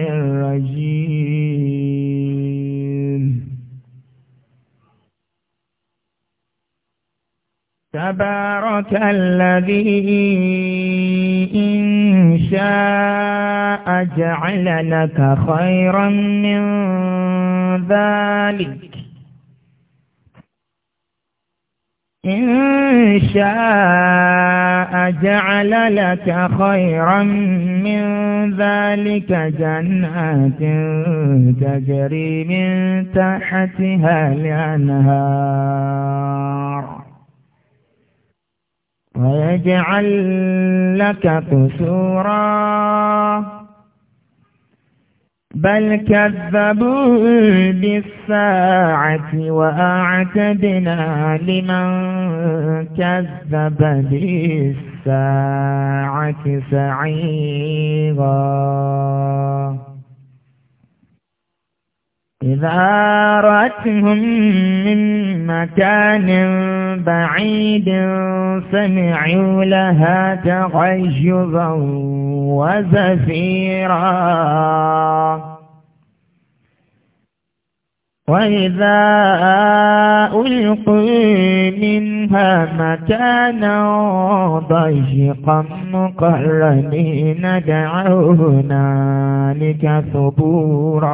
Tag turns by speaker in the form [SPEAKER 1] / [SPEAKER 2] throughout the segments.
[SPEAKER 1] الرجيم تبارك الذي إن شاء جعل لك خيرا من ذلك إن شاء جعل لك خيرا من ذلك جنات تجري من تحتها الأنهار ويجعل لك قصورا بل كذبوا بالساعة وأعتدنا لمن كذب بالساعة سعيرا إذا رأتهم من مكان بعيد سمعوا لها تغيبا وزفيرا وإذا ألقوا من منها مكانا ضيقا مقرنين دعونا لك ثبورا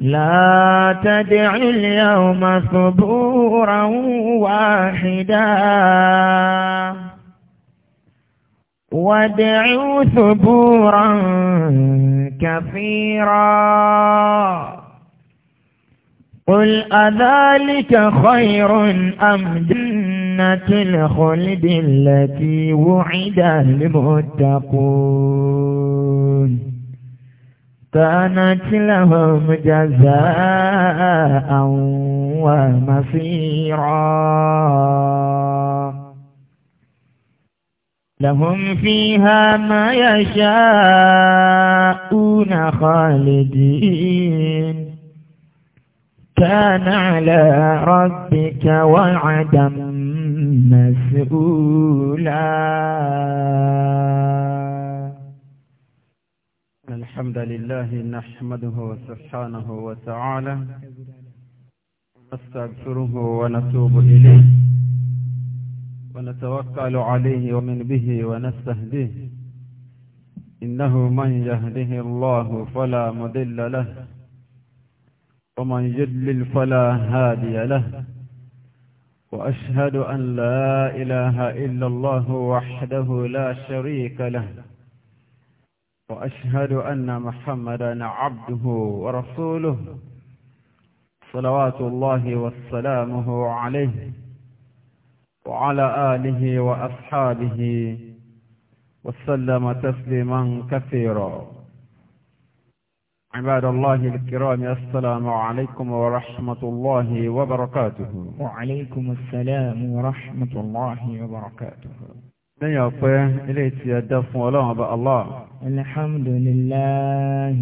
[SPEAKER 1] لا تدع اليوم ثبورا واحدا وادعوا ثبورا كثيرا قل أذلك خير أم جنة الخلد التي وعد المتقون كانت لهم جزاء ومصيرا لهم فيها ما يشاءون خالدين كان على ربك وعدا
[SPEAKER 2] مسؤولا الحمد لله نحمده سبحانه وتعالى نستغفره ونتوب إليه ونتوكل عليه ومن به ونستهديه إنه من يهده الله فلا مضل له ومن يدلل فلا هادي له وأشهد أن لا إله إلا الله وحده لا شريك له وأشهد أن محمدا عبده ورسوله صلوات الله وسلامه عليه وعلى آله وأصحابه وسلم تسليما كثيرا عباد الله الكرام السلام عليكم ورحمة الله وبركاته وعليكم السلام ورحمة الله وبركاته نيقوه إليك يا دفع الله الله الحمد لله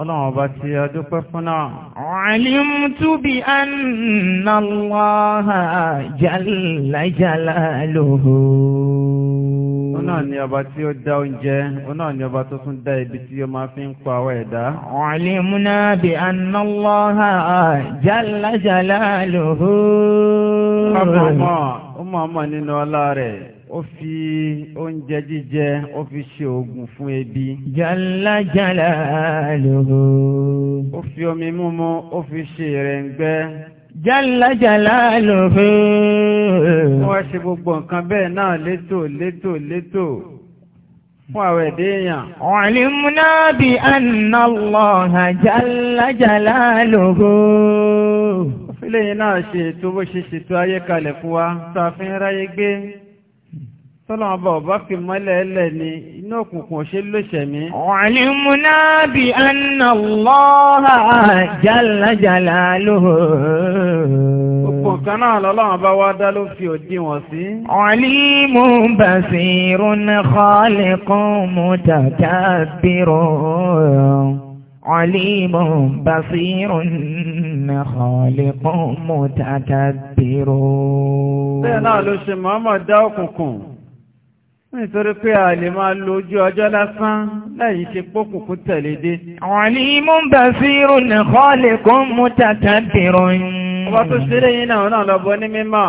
[SPEAKER 2] الله يا دفعنا
[SPEAKER 1] علمت بأن الله جل جلاله náà ni
[SPEAKER 2] ọba tí ó dá oúnjẹ òun náà ni ọba tó tún dá ibi tí ó máa fi ń pa àwọ̀ ẹ̀dá.
[SPEAKER 1] ọ̀lẹ́múná bí anáwọ́há jálá jálá lòó.
[SPEAKER 2] nínú ọlá rẹ̀ ó fi oúnjẹ jíjẹ ó fi ṣe oògùn fún ebi. jálá ó fi omi mímu ó fi ṣe ìrẹ̀ǹgbẹ́.
[SPEAKER 1] Jalla jalaluhu. Wọ́n
[SPEAKER 2] ṣe gbogbo nǹkan bẹ́ẹ̀ náà létò létò létò fún àwọn èdè èèyàn. Ọ̀lìmúná bí anna Allaha
[SPEAKER 1] jalla jalaluhu.
[SPEAKER 2] Fílẹ̀ yìí náà ṣe ètò bó ṣe ṣètò ayé kalẹ̀ fún wa, tá a fi ń ráyé gbé. Tọ́lọ́wọ́ bá ọba fi mọ́lẹ̀ ẹlẹ̀ ni inú òkùnkùn ṣe lóṣẹ̀mí.
[SPEAKER 1] Ọ̀lẹ́múná bí annàlọ́ha jálàjálà lóhò. Òpò
[SPEAKER 2] kan náà lọ́lọ́wọ́ bá wá dá ló fi òdiwọ̀n sí.
[SPEAKER 1] Ọ̀lẹ́mú bá sí irun kọ́lẹ̀kún mú tàkà bírò. عليم بصير خالق متكبر.
[SPEAKER 2] Bẹ́ẹ̀ náà ló ṣe máa máa dá òkùnkùn nítorí pé a lè máa lo ojú ọjọ́ lásán láyìí ṣe pókùnkú tẹ̀lédé.
[SPEAKER 1] Alimun basirun khaliqun mutatabirun
[SPEAKER 2] ọba tó ṣeré yìí náà náà lọ́bọ ní mímọ̀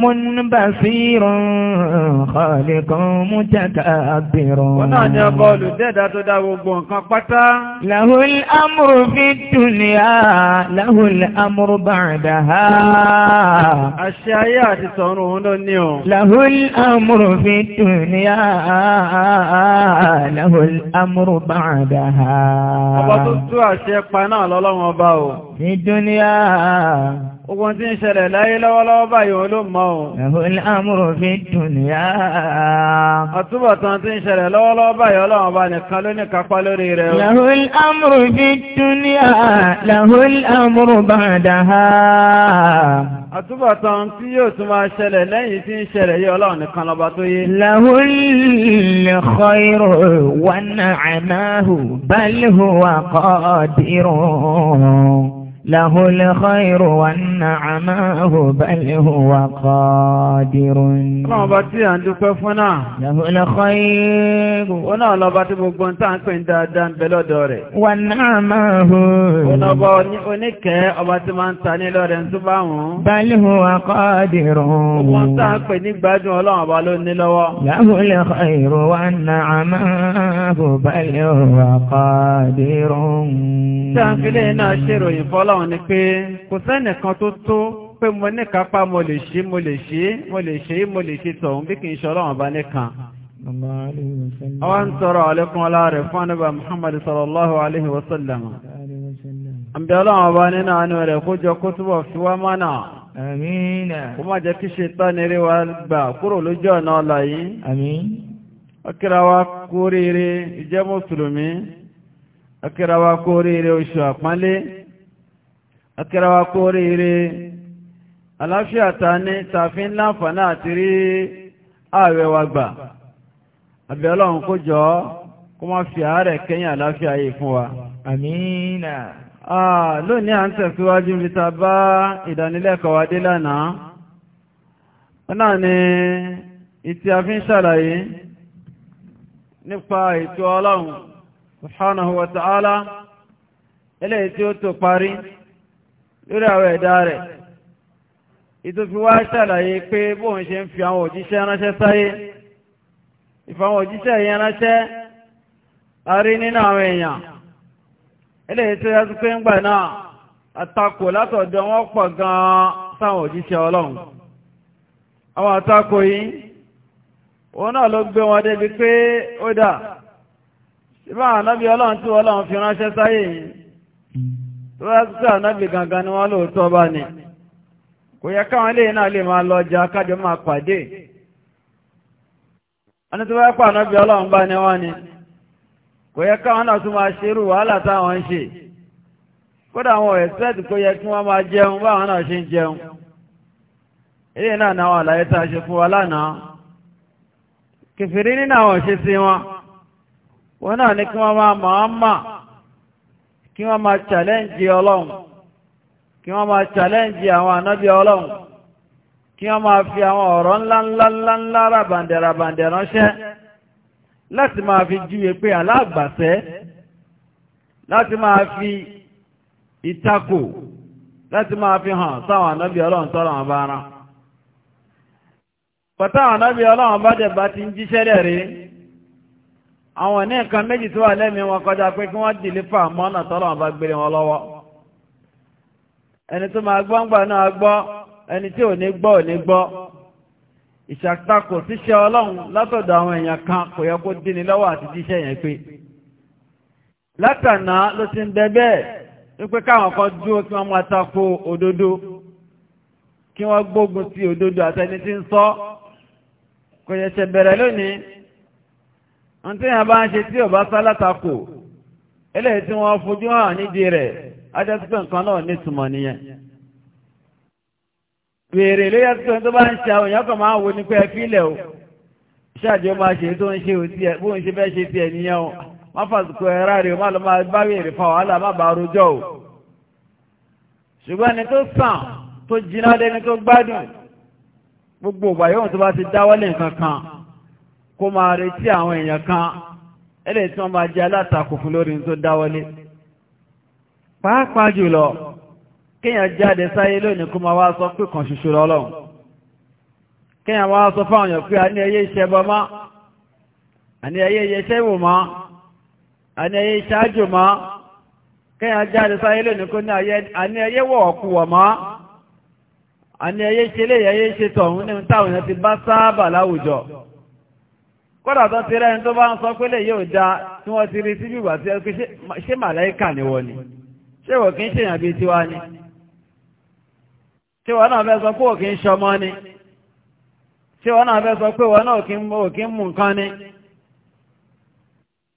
[SPEAKER 1] munbasirun khaliqun mutakabirun wọ́n náà ni ọba olùdẹ́ẹ̀dá
[SPEAKER 2] tó dá gbogbo nǹkan pátá
[SPEAKER 1] lahul amru fi dunya lahul amru ba'daha
[SPEAKER 2] àṣẹ ayé àti sọ̀rọ̀ òun ló tú àṣẹ pa náà lọ́lọ́wọ́n ọba o
[SPEAKER 1] ní dunya
[SPEAKER 2] Ogun tí ń ṣẹlẹ̀ láyé lọ́wọ́lọ́wọ́ báyìí wọn ló mọ̀ ọ́.
[SPEAKER 1] Ẹ̀hùn àmúrò fi dùnìyà.
[SPEAKER 2] Àtúbọ̀tán tí ń ṣẹlẹ̀ lọ́wọ́lọ́wọ́ báyìí ọlọ́run bá nìkan ló ní kápá lórí rẹ̀. Lahul amru fi dùnìyà, lahul amru
[SPEAKER 1] ba'daha.
[SPEAKER 2] Àtúbọ̀tán tí yóò tún máa ṣẹlẹ̀ lẹ́yìn tí ń ṣẹlẹ̀ yìí ọlọ́run nìkan lọba tó yé.
[SPEAKER 1] Lahul khayru له الخير والنعمه بل هو قادر Ọlọ́run bá
[SPEAKER 2] tí a ń dúpẹ́ fún náà. Lahu al-khayr. Ó náà lọ bá tí gbogbo ń tàn pé ń dáadáa ń bẹ lọ́dọ̀ rẹ̀.
[SPEAKER 1] Wa ni'mahu. Ó náà bá
[SPEAKER 2] oníkẹ́ ọba tí máa ń ta ní lọ́rẹ̀ ń túbá wọn.
[SPEAKER 1] Bal huwa qadirun. Ọmọ ń tàn
[SPEAKER 2] pé ní gbádùn ọlọ́run bá ló ní lọ́wọ́. Lahu al-khayr
[SPEAKER 1] wan-ni'mahu bal huwa qadirun.
[SPEAKER 2] Tí a ń fi lè náà ṣèròyìn fọ́lọ́ ọlọ́run ni pé kò sẹ́nìkan tó tó pé mo ní kápá mo lè ṣe mo lè ṣe mo lè ṣe mo lè ṣe tọ̀hún bí kì í ṣe ọlọ́run bá nìkan. Àwọn ń tọrọ àlékún ọlá fún ànábì Muhammad sallallahu alaihi wa Àbí ọlọ́run ọba nínú àánú rẹ̀ kó jọ kó túbọ̀ fi wá mánà. Kó má jẹ́ kí ṣe tán eré wa gbà kúrò lójú ọ̀nà ọ̀la yìí. Àmín. Ọkìra ìjẹ́ Mùsùlùmí. Ọkìra wa oṣù àpọ́nlé akẹrẹwà kó oríire aláfíà ta ní tàfin láǹfààní àti rí ààrẹ wa gbà àbẹ̀ ọlọ́run kó jọ kó má fi àárẹ̀ kẹ́yìn àláfíà yìí fún wa
[SPEAKER 1] àmìnà
[SPEAKER 2] lónìí à ń tẹ̀síwájú bí ta bá ìdánilẹ́kọ̀ọ́ adé lánàá náà ni ìtì a ń ṣàlàyé nípa ètò ọlọ́run subhanahu wa ta'ala eléyìí tí tó parí. lórí àwọn ẹ̀dá rẹ̀ ìtòfin wá ṣàlàyé pé bóun ṣe ń fi àwọn òjíṣẹ́ ránṣẹ́ sáyé ìfàwọn òjíṣẹ́ yẹn ránṣẹ́ a rí nínú àwọn èèyàn eléyìí tó yàtú pé ń gbà náà àtakò látọ̀dọ̀ wọn pọ̀ gan-an sáwọn òjíṣẹ́ ọlọ́run àwọn àtakò yìí òun náà ló gbé wọn débi pé ó dà ọlọ́run tí ọlọ́run fi ránṣẹ́ rásítà náàbì gangan ni wọ́n lóòótọ́ bá ní kò yẹ káwọn lè náà lè máa lọ jà kájọ máa pàdé ẹni tó anọbi ọlọ́run ni kò yẹ káwọn náà tún máa ṣerú wàhálà táwọn ń ṣe kódà àwọn ẹ̀sẹ́ẹ̀tì kò yẹ kí wọ́n máa jẹun báwọn náà ṣe ń jẹun náà tá a ṣe fún wa lánàá kìfìrí nínú àwọn wọn wọn náà ní kí wọ́n kí wọ́n máa challenge ọlọ́run kí wọ́n máa challenge àwọn ànábí ọlọ́run kí wọ́n máa fi àwọn ọ̀rọ̀ ńláńláńlá ràbàndẹ̀ ràbàndẹ̀ ránṣẹ́ láti máa fi jíwe pé aláàgbàṣẹ́ láti máa fi ìtakò láti máa fi hàn sáwọn ànábí ọlọ́run tọ́rọ àwọn bá rán pàtàwọn ànábí ọlọ́run bá dẹ̀ bá ti ń jíṣẹ́ rẹ̀ rí àwọn ní nǹkan méjì tí wà lẹ́mí wọn kọjá pé kí wọ́n dìlé fà mọ́nà tọ́lọ̀ bá gbére wọn lọ́wọ́ ẹni tó máa gbọ́ ń gbà náà gbọ́ ẹni tí ò ní gbọ́ ò ní gbọ́ ìṣàtakò síṣẹ́ ọlọ́run látọ̀dọ̀ àwọn èèyàn kan kò yẹ kó dín ní lọ́wọ́ àti jíṣẹ́ yẹn pé látànà ló ti ń bẹ bẹ́ẹ̀ wípé káwọn kan dúró kí wọ́n máa tako òdodo kí wọ́n gbógun sí òdodo àtẹni tí ń sọ kò yẹ ṣẹ̀bẹ̀rẹ̀ lónìí ń tí yàn bá ń ṣe tí ò bá sálátakò eléyìí tí wọ́n fojú hàn nídìí rẹ̀ ajásípẹ̀ nǹkan náà nítumọ̀ nìyẹn wèrè ló yàtọ̀ tó bá ń ṣe àwọn èèyàn kan máa wo ní pé ẹ fílẹ̀ o ṣáàjì ó máa ṣe tó ń ṣe ò tí bó ń ṣe bẹ́ẹ̀ ṣe ti ẹ̀ nìyẹn o má fàṣùkò ẹ̀ ráre má lọ máa bá wèrè fa wàhálà má bàa rojọ́ o ṣùgbọ́n ẹni tó sàn tó jiná dẹni tó gbádùn gbogbo ìgbà yóò tó bá ti dáwọ́lé nǹkan kan kó máa retí àwọn èèyàn kan ẹlẹ́ tí wọ́n máa jẹ́ alátakò fún lórí tó dáwọlé pàápàá jùlọ kíyàn jáde sáyé lónìí kó máa wá sọ pé kan ṣoṣo lọ́lọ́run kíyàn wá sọ fáwọn èèyàn pé a ní ẹyẹ iṣẹ́ bọ́ má a ní ẹyẹ iṣẹ́ ìwò a ní ẹyẹ iṣẹ́ àjò kíyàn jáde sáyé lónìí kó ní ẹyẹ wọ̀ a ní ẹyẹ iṣẹ́ lè ẹyẹ iṣẹ́ tọ̀hún ní táwọn èèyàn ti bá sáábà láwùjọ kọ́dà tán ti rẹ́ni tó bá ń sọ pé lè yóò dá tí wọ́n ti rí sí bí ìgbà tí ẹ pé ṣé ni wọ́n ni ṣé wọ́n ṣèyàn bí tiwa ni Ṣe wọ́n náà fẹ́ sọ pé òkè ṣọmọ ni ṣe wọ́n náà fẹ́ sọ pé ni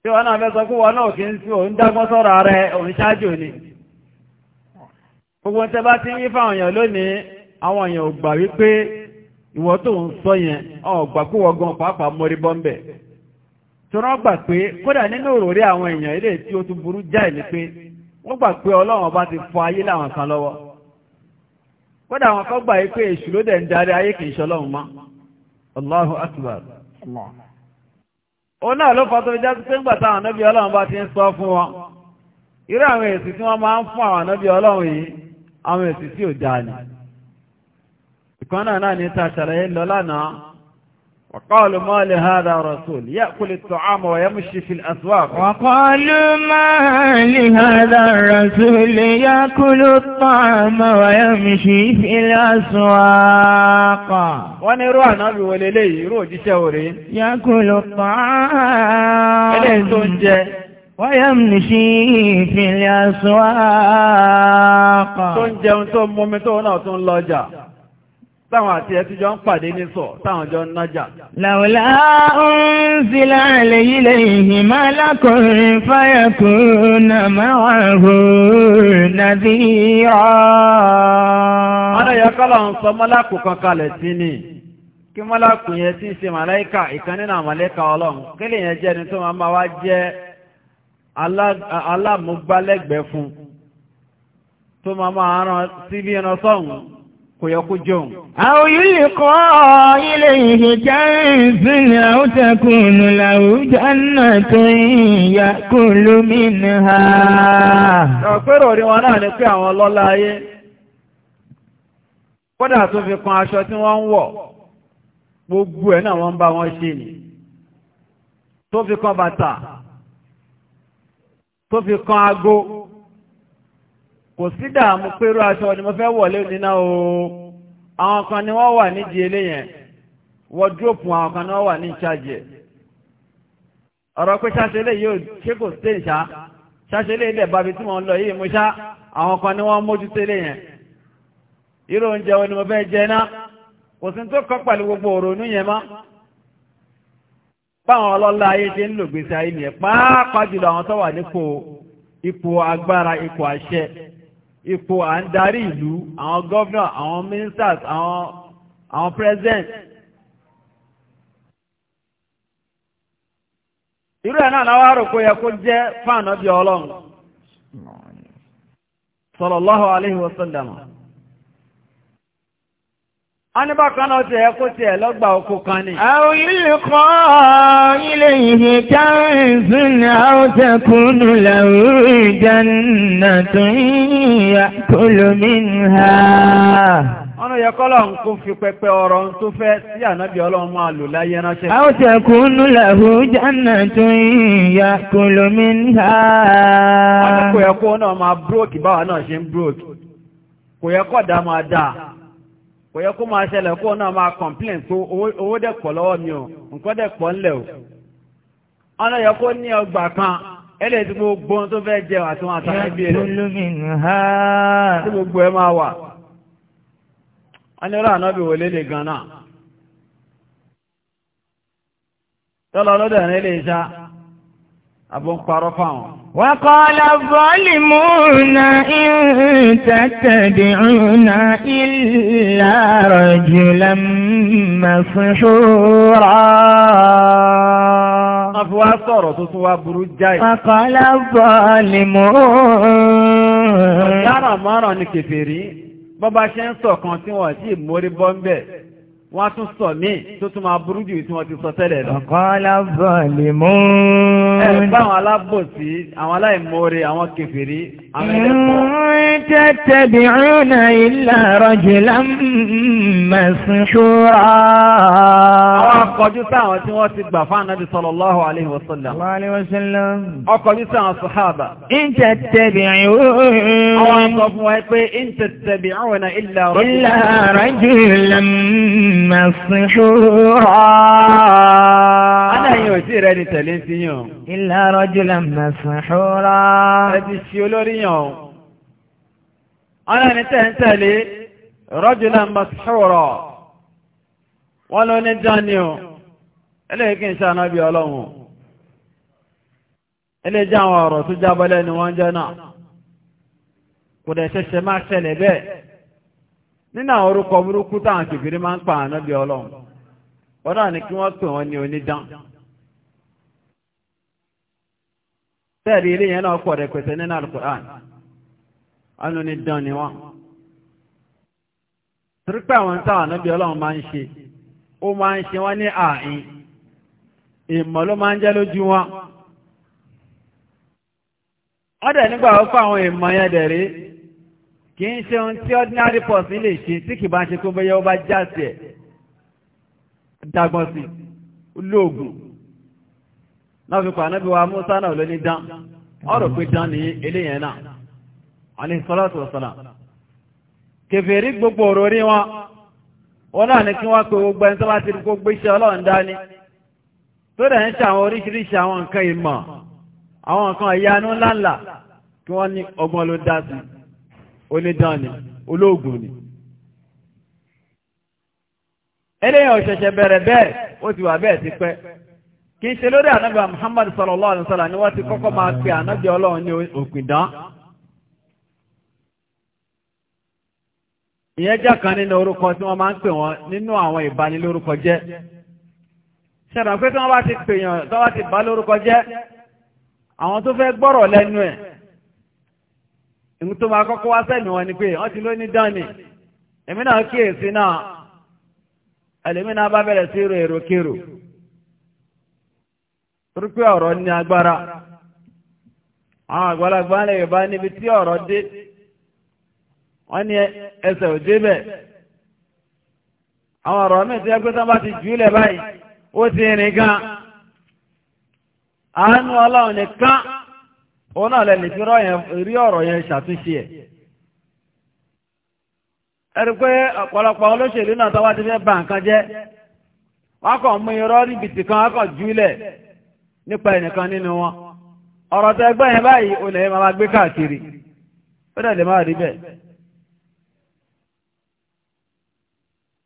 [SPEAKER 2] Ṣe wọ́n náà fẹ́ sọ pé wọ́n náà ara òun ṣáájú ni gbogbo tẹ bá ti ń fáwọn èèyàn lónìí àwọn èèyàn ò ìwọ tó ń sọ yẹn pàápàá mọ́rí bọ́m̀bẹ̀ tí rán gbà pé kódà nínú òròrí àwọn èèyàn ilé tí ó tún burú jáì ní pé wọ́n gbà pé ọlọ́run ọba ti fọ ayé kan lọ́wọ́ kódà àwọn pé èṣù ló ń darí ayé kì í ṣe mọ́ Akbar náà ló fọ́ tó fi bá ti ń sọ wọn àwọn èsì tí ìkọ́nà ناني تاشره tàṣàlàyé وقالوا ما لهذا رسول يأكل الطعام ويمشي في الأسواق وقالوا ما لهذا
[SPEAKER 1] الرسول يأكل الطعام ويمشي في الأسواق
[SPEAKER 2] ونروح نبي وليلي يروج شوري
[SPEAKER 1] يأكل الطعام ويمشي في الأسواق وانتم
[SPEAKER 2] ثم متونا لجا táwọn àti ẹ̀ tí ń pàdé ní sọ táwọn jọ ń nájà.
[SPEAKER 1] làwọ̀lá ń sí láàrẹ̀ yìí lẹ́yìn máa lákùnrin fáyàkù náà
[SPEAKER 2] máa wà hù nàbí ni kí mọ́lákù yẹ tí ṣe màláìkà ìkan nínú àmàlẹ́kà ọlọ́run kí lè jẹ́ tó máa máa fún tó máa máa kò yẹ kó jẹun. àwọn yìí kọ́ ilé ìhìjá ìfìlẹ̀
[SPEAKER 1] àwùjẹkùnù làwùjá náà tó ìyà kò lómi ha.
[SPEAKER 2] ọ̀pẹ́rọ̀ rí wọn náà ni pé àwọn ọlọ́lá ayé kódà tó fi kan aṣọ tí wọ́n ń wọ̀ gbogbo ẹ̀ náà wọ́n bá wọn ṣe ni tó fi kan bàtà tó fi kan ago kò sí dààmú pérú aṣọ ni mo fẹ́ wọlé níná o àwọn kan ni wọ́n wà nídìí eléyẹn wọ́dúrópù àwọn kan ni wọ́n wà ní ìṣàjì ẹ̀ ọ̀rọ̀ pé ṣáṣe lè yóò ṣé kò sí ìṣá ṣáṣe lè ilẹ̀ bàbí tí wọ́n lọ yìí mo ṣá àwọn kan ni wọ́n mójú tẹ́lẹ̀ yẹn irú oúnjẹ wo ni mo fẹ́ jẹ náà kò sí tó kọ́ pẹ̀lú gbogbo òrònú yẹn mọ́ báwọn ọlọ́lá ayé ṣe ń lò gbèsè ayé nìyẹn pàápàá jùlọ àwọn tó wà nípò ipò agbára ipò àṣẹ ipò à ń darí ìlú àwọn gọ́vnà àwọn ministers àwọn àwọn president. irú ẹ̀ náà náà wá rò pé yẹ kó sallallahu alaihi a ní bákan náà ti ẹ kan ni. àwọn ilé kọ́
[SPEAKER 1] ilé ìhè káwẹ́sì ni a ó tẹkùnú lẹ́wọ́ ìjànà tó lómi ha.
[SPEAKER 2] ọ̀nà yẹ kọ́lọ̀ ń fi pẹpẹ ọ̀rọ̀ tó fẹ́ sí ànábì ọlọ́run máa lò láyé ránṣẹ́. a ó tẹkùnú
[SPEAKER 1] lẹ́wọ́ ìjànà tó ha. àdúgbò
[SPEAKER 2] ẹ̀kọ́ náà máa búrókì báwa náà ṣe kò ma kó máa ṣẹlẹ̀ kó náà máa complain tó owó lọ́wọ́ mi o nǹkan dẹ̀ ńlẹ̀ o ọ̀nà yẹ kó ní ọgbà kan ẹlẹ́ tí gbogbo ohun tó fẹ́ jẹ àti wọn tí gbogbo ẹ máa wà wọ́n ní ànábì wọlé gan rẹ̀ lè وقال
[SPEAKER 1] الظالمون إن تتبعون إلا رجلا مسحورا
[SPEAKER 2] wọ́n fi wá sọ̀rọ̀ tó tún wá burú jáì. Àkọ́lá bọ̀ lè mọ́ ooo. Ọ̀dáràn mọ́ràn ni kèfèrí, bọ́bá ṣe ń sọ̀kan tí wọ́n sì mórí bọ́ ń bẹ̀ wọ́n tún sọ mí tó tún máa burú jù tí wọ́n ti sọ tẹ́lẹ̀ lọ.
[SPEAKER 1] ọ̀kọ́lá bọ̀lì mú. ẹ bá àwọn
[SPEAKER 2] alábòsí àwọn aláìmoore àwọn kèfèrí àwọn ẹlẹ́kọ̀ọ́.
[SPEAKER 1] tattabi'una illa rajulan mas'hura. àwọn akọjú
[SPEAKER 2] sáwọn tí wọ́n ti gbà fún ànábì sallallahu alaihi wasallam. ọkọjú sáwọn sàhábà.
[SPEAKER 1] in tattabi'una. àwọn sọ
[SPEAKER 2] fún wa pé in tattabi'una illa
[SPEAKER 1] masihura. aláyìn ò tí rẹ ni tẹ̀lé sí yàn. illa rajulan masihura. ẹ ti
[SPEAKER 2] ṣe olórí yàn. aláyìn tẹ̀ ń tẹ̀lé rajulan masihura. wọ́n ló ní dání o eléyìí kì í ọlọ́run. eléyìí jẹ́ àwọn ọ̀rọ̀ tó jábọ́ lẹ́nu wọn jẹ́ náà. kò máa ṣẹlẹ̀ bẹ́ẹ̀. nínú àwọn orúkọ burúkú táwọn kìfìrí máa ń pa àná bí ọlọ́run ọ̀dọ́ ni kí wọ́n pè wọ́n ní onídán tẹ́ẹ̀rí ilé yẹn náà pọ̀ rẹpẹtẹ nínú ni wọ́n torípé àwọn táwọn ànábì ọlọ́run máa ń ṣe ó máa ń ṣe wọ́n ní ààyìn ìmọ̀ ló máa ń jẹ́ lójú wọn
[SPEAKER 3] wọ́n nígbà wọ́n fún àwọn
[SPEAKER 2] ìmọ̀ yẹn kì í ṣe ohun tí ordinary person lè ṣe tí kì bá ṣe tó bẹ́yẹ ọ bá ẹ̀ dágbọ́n sí olóògùn náà fi pàánà bí wa Musa náà ló ní dán ọ̀rọ̀ pé dán ní eléyẹn náà alayhi salatu wassalam gbogbo ọ̀rọ̀ rí wọn wọn náà ní kí gbogbo ẹni tó bá ti onídàáni olóògùn ni eléyàn òṣẹ̀ṣẹ̀ bẹ̀rẹ̀ bẹ́ẹ̀ ó ti wà bẹ́ẹ̀ ti pẹ́ kì í ṣe lórí ànábì Muhammad sallallahu alaihi wasallam ni wọ́n ti kọ́kọ́ máa pe ànábì Ọlọ́run ní òpìdán ìyẹn jẹ́ kan nínú orúkọ tí wọ́n máa ń pè wọ́n nínú àwọn ìbanilórúkọ jẹ́ ṣẹ̀dá pé tí wọ́n bá ti pèèyàn tí wọ́n bá ti bá lórúkọ jẹ́ àwọn tó fẹ́ gbọ́rọ̀ lẹ́nu ẹ̀ ìmú tó máa kọ́kọ́ wá sẹ́nu wọn ni pé wọ́n ti ló ní dánì èmi náà kíyèsí náà ẹlẹ́mí náà bá bẹ̀rẹ̀ sí èrò kérò torí pé ọ̀rọ̀ ní agbára àwọn àgbàlagbà lè bá níbi tí ọ̀rọ̀ dé wọ́n ní ẹsẹ̀ ò débẹ̀ àwọn ọ̀rọ̀ mi ti ẹgbẹ́ sábà ti jù ú lẹ̀ báyìí ó ti rìn gan àánú ọlọ́run nìkan. òun náà lẹ́lẹ̀ fi rí ọ̀rọ̀ yẹn ṣàtúnṣe ẹ̀ ẹ̀rí pé ọ̀pọ̀lọpọ̀ olóṣèlú náà tọ́wọ́ ti fẹ́ bà nǹkan jẹ́ wọ́n kàn mú irọ́ níbi tìkan wọ́n kàn júlẹ̀ nípa ẹnìkan nínú wọn ọ̀rọ̀ tẹ́ gbọ́ yẹn báyìí olè yẹn máa gbé káàkiri ó dẹ̀ lè má rí bẹ́ẹ̀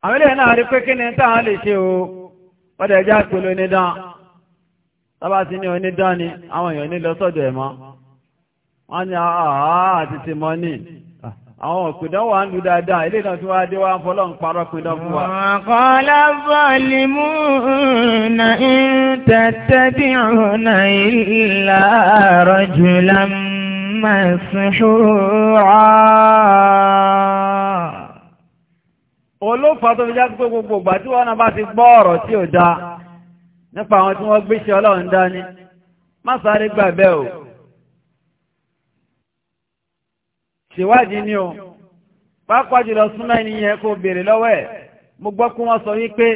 [SPEAKER 2] àwọn ilé náà rí pé kí ni táwọn lè ṣe o wọ́n dẹ̀ já pẹ̀lú onídán tọ́ba ti ní onídán ni àwọn èèyàn sọ́dọ̀ ẹ̀ mọ́ wọ́n ní àà ah, ah, ah, àti ti mọ́ ní àwọn òpìdán wà ń lù dáadáa ilé náà tí wá dé wá ń fọ́lọ́ ń parọ́ pìdán fún wa.
[SPEAKER 1] àkọ́lá bọ́ọ̀lì mú na tẹ́tẹ́bí ọ̀nà ìlà rọ́jùlá mẹ́sàn
[SPEAKER 2] olófà tó fi já pé gbogbo tí wọ́n bá ti gbọ́ ọ̀rọ̀ tí ò dáa nípa àwọn tí wọ́n gbéṣẹ́ ọlọ́run dání má sáré gbà o. ṣèwádìí ni o pápá jùlọ súnmọ́ ẹni yẹn kó béèrè lọ́wọ́ ẹ̀ mo gbọ́ kó wọ́n sọ wípé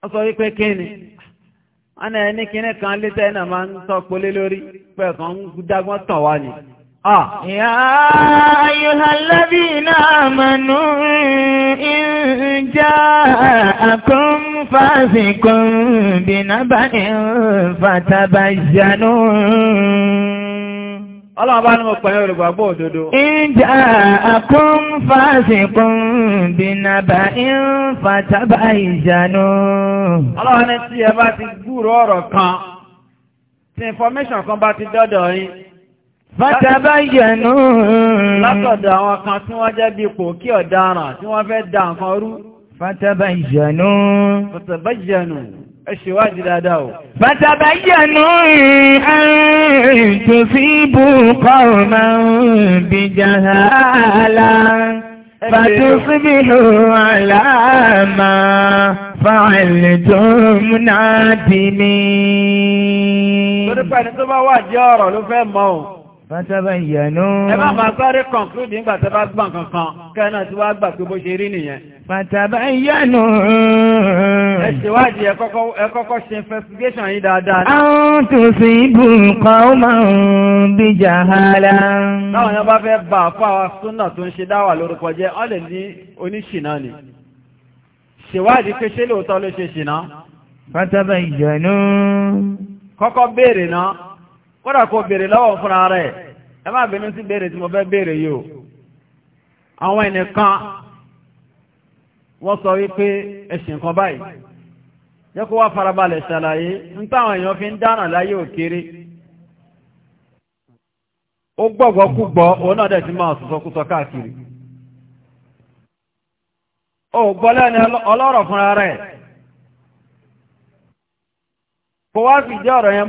[SPEAKER 2] wọ́n sọ wípé kí ni wọ́n náà ní kíní kan létẹ́ náà máa ń tọ́ polé lórí pẹ̀ kan ń dágbọ́n tàn wá ni. يا أيها الذين آمنوا إن جاءكم
[SPEAKER 1] فاسق بنبأ فتبينوا
[SPEAKER 2] Ọlọ́run bá ní mo pẹ̀lú olùgbàgbọ́ òdodo. Ìjà àkún
[SPEAKER 1] fásikún bínàbà ń fàtàbà ìjànú.
[SPEAKER 2] Ọlọ́run ní tí ẹ bá ti gbúrò ọ̀rọ̀ kan, tí information kan bá ti dọ́dọ̀ yín. Fàtàbà ìjànú. Látọ̀dọ̀ àwọn kan tí wọ́n jẹ́ bípò kí ọ̀daràn tí wọ́n fẹ́ da nǹkan rú. Fàtàbà ìjànú. Fàtàbà ìjànú ẹ ṣèwádìí dáadáa o.
[SPEAKER 1] bàtàbà yànú tó sí ibù kọ́ọ̀mà bí jahala
[SPEAKER 2] fàtúsíbìlù
[SPEAKER 1] àlàmà fàìlì tó múnádìí ni. lórí
[SPEAKER 2] pẹ̀lú tó bá wà jẹ́ ọ̀rọ̀ ló fẹ́ mọ́
[SPEAKER 1] Fátàbà ìyànú. Ẹ bá máa
[SPEAKER 2] sáré kọ̀nkúrúdì ńgbà tẹ́ bá gbà kankan, kẹ́nà tí wá gbà pé bó ṣe rí nìyẹn.
[SPEAKER 1] Fátàbà ìyànú. Ẹ ṣèwádìí
[SPEAKER 2] ẹ kọ́kọ́ ṣe investigation yìí dáadáa. Àwọn
[SPEAKER 1] tó sì bù nǹkan ó máa ń bí jàhálà. Táwọn
[SPEAKER 2] yẹn bá fẹ́ bà fún àwọn súnà tó ń ṣe dáwà lórúkọ jẹ́, ọ́ lè ní oníṣìnà ni. Ṣèwádìí pé ṣé lóòótọ́ ló ṣe ṣìnà?
[SPEAKER 1] Fátàbà ìyànú.
[SPEAKER 2] Kọ́kọ́ béèrè náà. kódà kó béèrè lọ́wọ́ fúnra rẹ̀ ẹ má bínú sí béèrè tí mo fẹ́ béèrè yìí o àwọn ẹnìkan wọ́n sọ wípé kan báyìí jẹ́ kó wá farabalẹ̀ ṣàlàyé ń táwọn èèyàn fi ń dárà láyé òkèrè ó gbọ́gbọ́ kú òun náà dẹ̀ ti máa sọ káàkiri ó gbọ́ lẹ́ni ọlọ́rọ̀ fúnra rẹ̀ kó wá fìdí ọ̀rọ̀ yẹn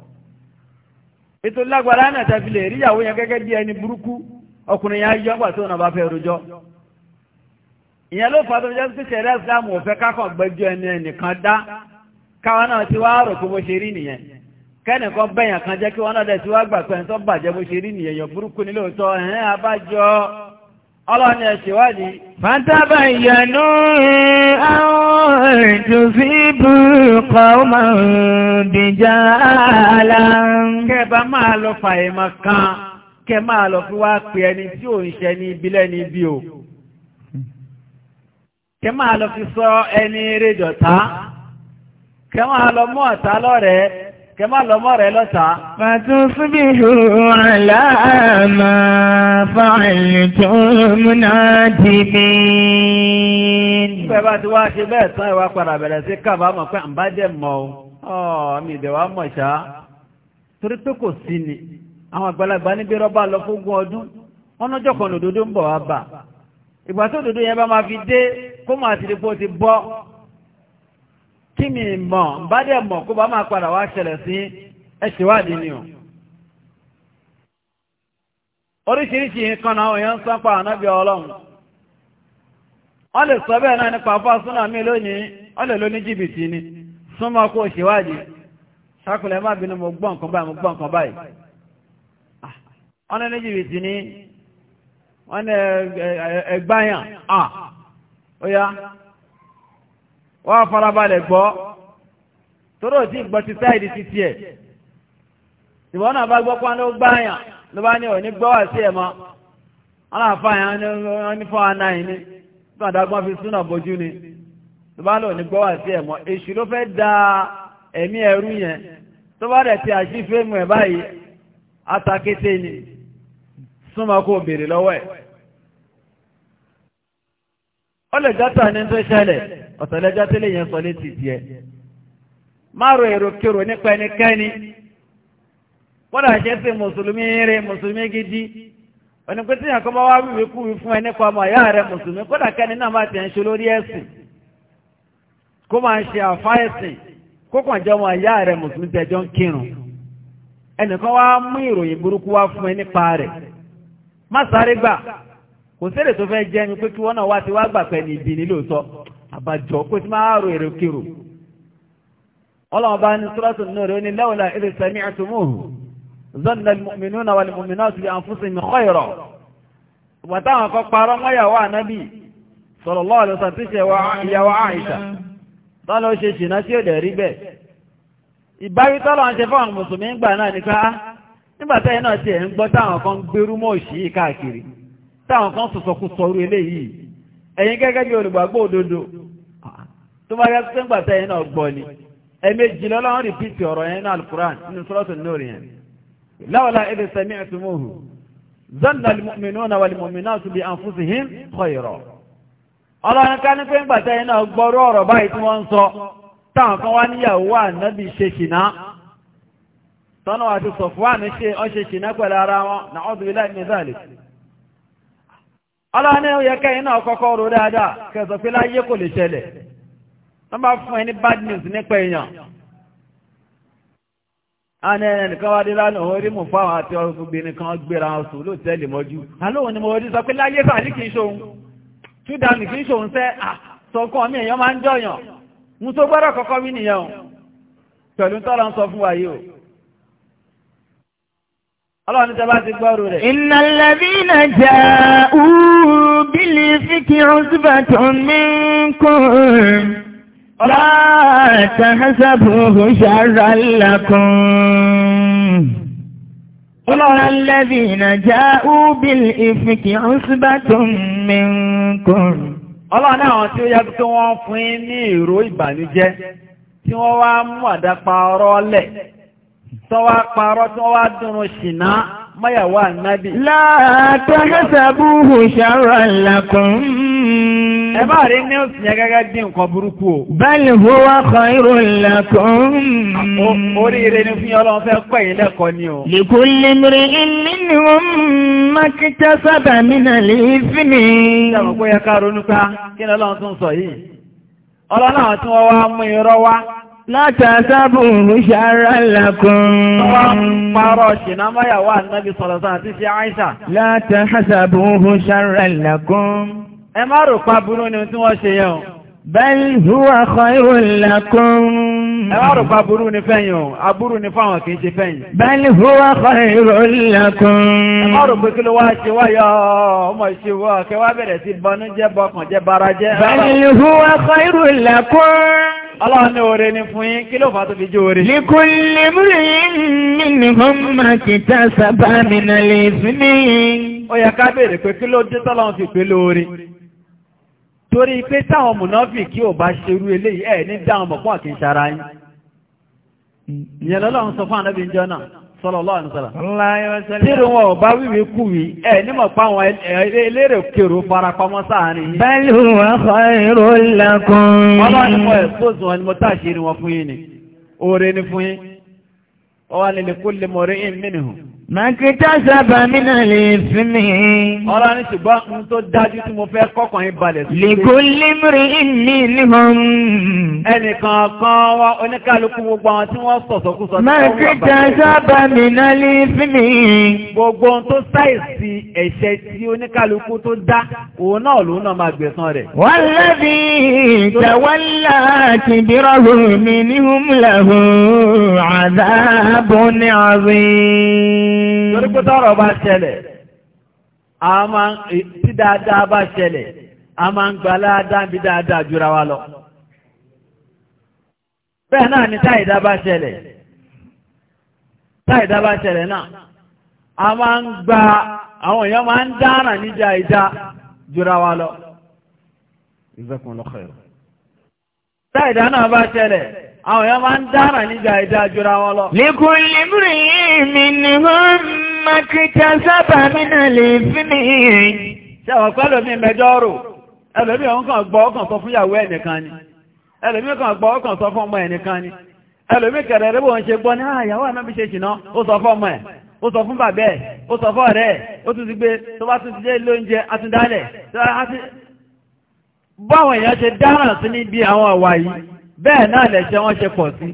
[SPEAKER 2] ètò lágbára náà tàbí lè rí ìyàwó yẹn gẹ́gẹ́ bí ẹni burúkú ọkùnrin yẹn yọ́ pàtó ọ̀nà bá fẹ́ rojọ́ ìyẹn ló fà tó jẹ́ sí ṣẹ̀rẹ́ ìsìlámù òfẹ́ kákan gbẹ́jọ́ ẹni ẹnìkan dá káwọn náà ti wá rò kó bó ṣe rí nìyẹn kẹ́nìkan bẹ̀yàn kan jẹ́ kí wọ́n náà dẹ̀ ti wá gbà pé ẹni bàjẹ́ bó ṣe rí nìyẹn yọ burúkú nílò tọ́ ẹ̀hẹ́n abájọ ọlọ́ni
[SPEAKER 1] tùsíbù kọ́mọ̀ bìjà àlà. Kẹ́
[SPEAKER 2] bá máa lọ fàyè máa kan, kẹ́ máa lọ fi wá pè ẹni tí ò ń ṣe ní ibilẹ̀ ní ibi o. Kẹ́ máa lọ fi sọ ẹni rédọ̀tá. Kẹ́ máa lọ mọ́ ọ̀tá lọ́rẹ̀ẹ́ kẹmọ́ lọmọ́ rẹ̀ lọ́ta. Fàtú síbí
[SPEAKER 1] aláàmà fáìlì tó múná dìbí pẹ́
[SPEAKER 2] bá ti wá ṣe bẹ́ẹ̀ tán ìwà padà bẹ̀rẹ̀ sí kábàámọ̀ pé àǹbá jẹ́ mọ́ ọ́ mi ìdẹ̀wà mọ̀ ṣá torí pé kò sí ni àwọn àgbàlagbà níbi rọ́bà lọ fógún ọdún ọ̀nàjọ́ kan òdòdó ń bọ̀ wá bà ìgbà tó òdòdó yẹn bá máa fi dé kó máa ti di ti bọ́ kí mi mọ̀ bá dẹ̀ mọ̀ kó bá máa padà wá ṣẹlẹ̀ sí ẹ̀ṣẹ̀wádìí ni o oríṣiríṣi nǹkan náà òyìn ń ànábì ọlọ́run wọ́n lè sọ bẹ́ẹ̀ náà nípa fọ́ súnà mí lónìí wọ́n lè lóní jìbìtì ni súnmọ́ kó ṣèwádìí ṣákùnlẹ̀ má bínú mo gbọ́ báyìí báyìí ah, wọ́n ní jìbìtì ni wọ́n ní ẹgbáyàn ah, ó yá wọ́n farabalẹ̀ gbọ́ torí ò tí gbọ́ ti sáìdì ní sọ́nàdágbọ́n fi súnà bojú ni tó bá lò ní gbọ́wà sí ẹ̀mọ́ èṣù ló fẹ́ da ẹ̀mí ẹrú yẹn tó bá rẹ̀ ti àṣífẹ́ mú ẹ̀ báyìí atakété ni súnmọ́ kó béèrè lọ́wọ́ ẹ̀ ó lè jọ́ta ní tó ṣẹlẹ̀ ọ̀tọ̀lẹ́jọ́ tí lè yẹn sọ létí tiẹ̀ márùn èrò kérò nípa ẹnikẹ́ni wọ́n dà ṣe sí mùsùlùmí rí mùsùlùmí gidi ọ̀nà pé tíyàn kan bá wá wíwé kú wí fún ẹ nípa ọmọ ìyá rẹ mùsùlùmí kódà kẹ́ni náà máa ti ń ṣe lórí ẹ̀sìn kó máa ń ṣe àfá ẹ̀sìn kó kàn jẹ́ ọmọ ìyá rẹ mùsùlùmí tẹjọ́ ń kírun ẹnìkan wá mú ìròyìn burúkú wá fún ẹ nípa rẹ̀ má sáré gbà kò sẹ́lẹ̀ tó fẹ́ jẹ́ ni pé kí wọ́n náà wá ti wá gbà pẹ̀lú ìdí nílò sọ àbàjọ kó ti máa rò èrò kírò ọlọ́run bá ní sọ́lọ́tún ظن المؤمنون والمؤمنات بأنفسهم خيرا وتعا فقارا ما يوا نبي صلى الله عليه وسلم يا وعائشة قالوا شيء شيء ناسي داري بي ìbáyí tọ́lọ̀ ń ṣe fún àwọn mùsùlùmí ń gbà náà ní káá nígbàtẹ́ iná tí ẹ̀ ń gbọ́ táwọn kan gbérú mọ́ òṣì káàkiri táwọn kan sọ̀sọ̀kú sọ̀rú eléyìí ẹ̀yin gẹ́gẹ́ bí olùgbàgbọ́ òdodo tó bá yẹ́ pé ń gbàtẹ́ iná gbọ́ ni ẹ̀mejì lọ́lọ́run rìpítì ọ̀rọ̀ yẹn ní láwọlá ẹ̀dẹ̀ sẹ́mi ẹ̀tùmọ́hù zanna al-mu'minuna wal-mu'minatu bi anfusihim khayra ọlọ́run ká ní pé ń gbàtẹ́ iná gbọ́rọ̀ ọ̀rọ̀ báyìí tí wọ́n ń sọ táwọn kan wá níyàwó wà nábi ṣe ṣìná tọ́nà àti sọ̀fúwánì ṣe ọṣe ṣìná pẹ̀lú ara wọn na ọdún ilẹ̀ ìmìzàlì ọlọ́run ní oyẹ kẹ́yìn anẹ́rẹ́ nìkan wá dé lánàá orí mú fáwọn àti ọgbìnrin kan gbéra ọsùn ló tẹ́lẹ̀ mọ́jú alóhun ni mo rí sọ pé láyé sàrí kìí ṣohun túdàmì kìí ṣohun sẹ́ àtọkàn mi èèyàn máa ń jọyàn mú tó gbọ́dọ̀ kọ́kọ́ wí nìyẹn o pẹ̀lú tọ́lọ ń sọ fún wa yìí o ọlọ́run ní tẹ́lá ti gbọ́rù rẹ̀. innal ladhina
[SPEAKER 1] ja'u bil ifki usbatun minkum لا تحسبوه شرا لكم قرر الذين جاءوا بالإفك عصبة منكم
[SPEAKER 3] Ọlọ́run náà tí ó yá tó wọ́n fún ní
[SPEAKER 2] ìró ìbànújẹ́ tí wọ́n wá mú àdápa ọ̀rọ̀ lẹ̀, tó wá parọ́ tó wá dúnrún ṣìná mọ́yàwó ànábì. La tahsabuhu sharran ẹ má rí news yẹn gẹ́gẹ́ bí nǹkan burúkú
[SPEAKER 1] o. bal huwa khairun lakum. oríire ni fún yọlọ́ fẹ́ pẹ̀ yín lẹ́kọ̀ọ́ ni o. likulli imri'in minhum ma iktasaba minal ithmi. ìjàmbá kó yẹ ká ronú pa kí
[SPEAKER 2] ni ọlọ́run tún sọ yìí. ọlọ́run àwọn tí sọ̀rọ̀ sáà ti ṣe àìsà.
[SPEAKER 1] Látàtàbùrù ṣàrà lakum
[SPEAKER 2] ẹ má rò pa burú ni tí wọ́n ṣe yẹn o. bal huwa khayrun lakum. ẹ má rò pa burú ni fẹ́yìn o aburú ni fáwọn kì í ṣe fẹ́yìn. bal huwa khayrun lakum. ẹ má rò pé kí ló wá ṣe wá yọ ọmọ ìṣe wọ wá bẹ̀rẹ̀ sí bọnújẹ́ bọkànjẹ́ barajẹ́. bal huwa khayrun lakum. Allah ní oore ní fún yín kí ló fà tó
[SPEAKER 1] min al-ithmi. Ó yẹ ká béèrè
[SPEAKER 2] pé kí ló dé torí pé táwọn mùnáfì kí ò bá ṣerú eléyìí ẹ̀ ní dáhùn mọ̀pọ̀ àti ìṣara yín ìyẹn lọ́lọ́run sọ fún ànábì ìjọ náà sọ́lọ́lọ́ àníṣàlá tírù wọn ò bá wíwí kú wí ẹ̀ nímọ̀ páwọn eléré kèrò farapamọ́ sáàrin yìí bal huwa
[SPEAKER 1] khairul lakum ọlọ́nìmọ̀ ẹ̀sọ́sùn
[SPEAKER 2] wọn ni mo táṣírí wọn fún yín ni oore ni fún yín ọwọ́ nílẹ̀ kulli mur'in minhum
[SPEAKER 1] Màkítàsábà mínà lè fi mi. Ọlá
[SPEAKER 2] ní ṣùgbọ́n ohun tó dájú tí mo fẹ́ kọ́kàn yín balẹ̀ sí. Lèkó
[SPEAKER 1] lémìrì ìní níhàn.
[SPEAKER 2] Ẹnìkan kan wá oníkálukú gbogbo àwọn tí wọ́n sọ̀sọ̀ kú sọ. Màkítàsábà mínà
[SPEAKER 1] lè fi mi.
[SPEAKER 2] Gbogbo ohun tó sáìsì ẹ̀ṣẹ̀ tí oníkálukú tó dá, òun náà lòun náà máa gbẹ̀san rẹ̀. Wọ́n lẹ́bi ìtẹ̀wọ́lá kìdírọ̀hù mi ní torí pé tọ́rọ̀ bá ṣẹlẹ̀ eh, tí dáadáa bá ṣẹlẹ̀ a máa ń gba láadáa bí dáadáa jura wa lọ
[SPEAKER 3] bẹ́ẹ̀ náà ni táìdá
[SPEAKER 2] bá ṣẹlẹ̀ táìdá bá ṣẹlẹ̀ náà
[SPEAKER 3] a máa ń gba àwọn èèyàn máa ń dára níjà ìdá
[SPEAKER 2] jura wa lọ táìdá náà bá ṣẹlẹ̀ àwọn èèyàn máa ń dára níjà ìdá jura wa lọ. lẹ́kùn lè mi ni wọ́n ń mákítà sábà mínà lè fi ní ìrìn. Ṣé àwọn pẹ́lú mi mẹjọ́ rò? Ẹlòmí ọ̀hún kan gbọ́ ọkàn sọ fún ìyàwó ẹnìkan ni. Ẹlòmí kan gbọ́ ọkàn sọ fún ọmọ ẹnìkan ni. Ẹlòmí kẹrẹ̀ rẹ̀ bó ń ṣe gbọ́ ní àyàwó ah, ànábi ṣe ṣìná, ó sọ fún ọmọ ẹ̀, ó sọ fún bàbẹ́ ẹ̀, ó sọ fún ọ̀rẹ́ ẹ̀, ó tún ti gbé tó bá tún ti dé lóúnjẹ atúndálẹ̀. Báwọn èèyàn ṣe dáràn sí níbi àwọn ọ̀wà yìí,
[SPEAKER 1] bẹ́ẹ̀ náà lẹ̀ṣẹ̀
[SPEAKER 2] wọ́n ṣe pọ̀ sí.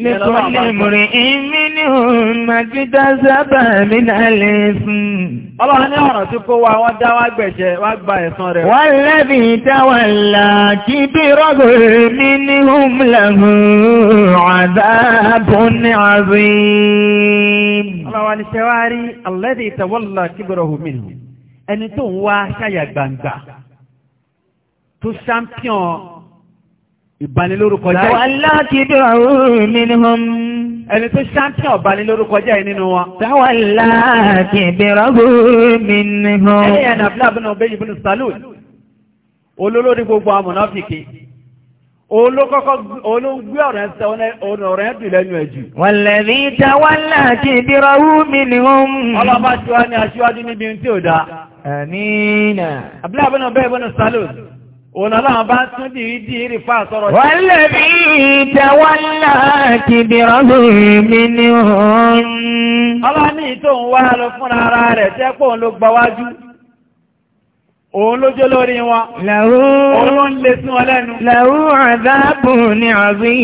[SPEAKER 2] Lẹ́kọ̀ọ́ lẹ́mùrí ìmínú
[SPEAKER 1] màjídá sábà mí lálẹ́
[SPEAKER 2] fún. Ọlọ́run ní ọ̀rọ̀ tí kó wa wọ́n dá wá gbẹ̀jẹ̀ wá gba ẹ̀san rẹ̀. Wọ́n
[SPEAKER 1] lẹ́bí táwà là kí bí rọ́gò mí ní hùmlẹ̀hùn àdábùn ní àzín.
[SPEAKER 2] Ọlọ́run ní ṣẹwárí, àlẹ́dì ìtawọ́lá kíbẹ̀rọ̀hùn mí ẹni tó ń wá ṣàyà gbangba tó ṣámpíọ̀n ìbanilórúkọ jẹ́ ìtàwàlákìdò minhum ẹni tó ṣáńtì ọ̀banilórúkọ jẹ́ ìnínú wọn tàwàlákìdò
[SPEAKER 1] minhum ẹlẹ́yàn àbúlábùnà
[SPEAKER 2] ọbẹ̀yìn bínú salud olólórí gbogbo amọ̀náfìkì olókọ́kọ́ olóngbé ọ̀rẹ́ ṣe ọ̀rẹ́ ẹ̀dùn lẹ́nu ẹ̀jù wọ̀lẹ̀rí tàwàlákìdò
[SPEAKER 1] minhum ọlọ́bá ṣíwá ní aṣíwájú níbi tí ò dá àmín àbúlábùnà ọbẹ̀yìn bínú salud
[SPEAKER 2] Òun aláwọn bá tún dì í dì í rí fà sọ́rọ̀ sí. Wọ́n lè rí ìtẹ́wọ́lá kìdì rọ́bì mi ní òun. Ọlá ní ìtòun wá lọ fúnra ara rẹ̀ tẹ́ pé òun ló gba wájú. Òun ló jẹ́ lórí wọn. Lẹ̀rú. Òun lè sí wọn lẹ́nu. Lẹ̀rú
[SPEAKER 1] àdábù ni àbí.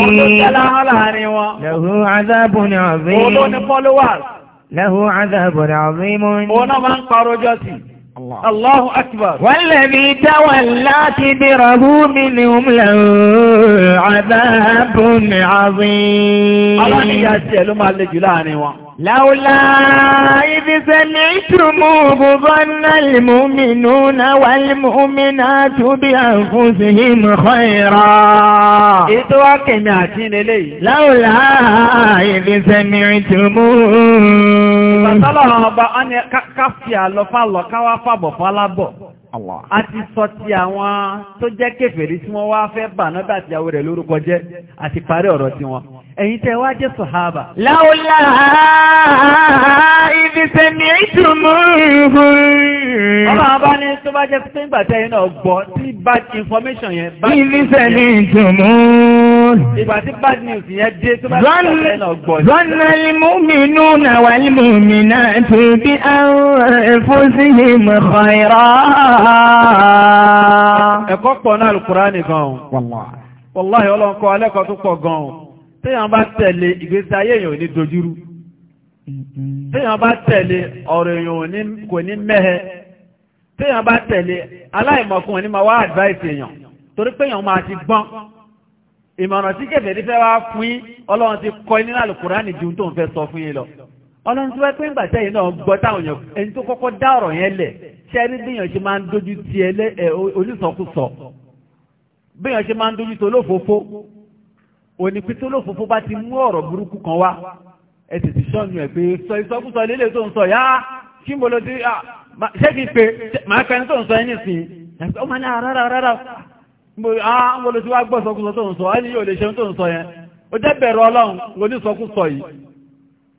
[SPEAKER 1] Òun ló jẹ́ láwọn láàrin wọn. Lẹ̀rú àdábù ni àbí. Òun ló ní fọ́lówà. Lẹ̀rú àdábù ni àbí mú. Òun náà máa ń
[SPEAKER 2] parọ́jọ́ sí. الله, الله أكبر
[SPEAKER 1] والذي تولى كبره منهم له عذاب عظيم الله Láúlá ibi sẹ́ni ìtumú gúgọ́nà lèmúmínú na wà lèmúmínà túbí àfúnsì hìmù kọ́ ìrọ̀. Ètò
[SPEAKER 2] wákẹ̀mí àti ilẹ̀ yìí. Láúlá
[SPEAKER 1] ibi sẹ́ni ìtumú. Ìbàtọ́lọ̀rọ̀ ọba
[SPEAKER 2] ọ ni káfíà lọ fálọ̀ káwá fàbọ̀ fálábọ̀. Allah. A ti sọ ti àwọn tó jẹ́ kèfèrí tí wọ́n wá fẹ́ bà náà bàtìyàwó rẹ̀ lórúkọ jẹ́ àti parí ọ̀rọ̀ tiwọn ẹ̀yin tẹ́ wá jẹ́ sọ̀hábà. láúlá ibi tẹ̀mí ìtùmùrùhù. ọmọ àbá ní tó bá jẹ́ pípín gbàtẹ́ iná gbọ́ bad information yẹn bá ti ní tẹ̀mí ìtùmùrù. ìgbà tí bad news yẹn dé tó bá jẹ́ pípín náà
[SPEAKER 1] gbọ́. zọ́nà ìmúminú náà wà ìmúminá tó bí àwọn ẹ̀fọ́sílẹ̀
[SPEAKER 2] mọ̀kọ́ ìrọ̀. ẹ̀kọ́ pọ̀ náà Al-Kùránì gan-an. wàláhì ọlọ́nkọ́ alẹ́kọ̀ọ́ tó pọ̀ gan-an téèyàn bá tẹ̀lé ìgbésí ayé èèyàn ò ní dojúrú téèyàn bá tẹ̀lé ọ̀rọ̀ èèyàn kò ní mẹ́hẹ téèyàn bá tẹ̀lé aláìmọ̀kùn ní máa wá advice èèyàn torí pé èèyàn máa ti gbọ́n ìmọ̀ràn tí kẹfẹ́ ní fẹ́ wá fún yín ọlọ́run ti kọ́ iná àlùkùránì ju tó ń fẹ́ sọ fún yín lọ ọlọ́run tí wọ́n pín ìgbà tẹ́yìn náà gbọ́ táwọn èèyàn ẹni tó kọ́kọ́ dá ọ̀rọ̀ yẹn lẹ̀ ṣẹ́rí bíyàn ṣe máa ń dojú ti onísọkúsọ bíyàn ṣe máa ń dojú ti olófòófó òní pító lófòfó bá ti mú ọ̀rọ̀ burúkú kan wá ẹ sì ti sọ́nu ẹ̀ pé sọ ìsọkúsọ lílé tó ń sọ yá kí mo lọ sí ṣé kí n pe màá pẹ́ni tó ń sọ ẹni sìn ó máa ní rárá rárá mo lọ sí wá gbọ́ ìsọkúsọ tó ń sọ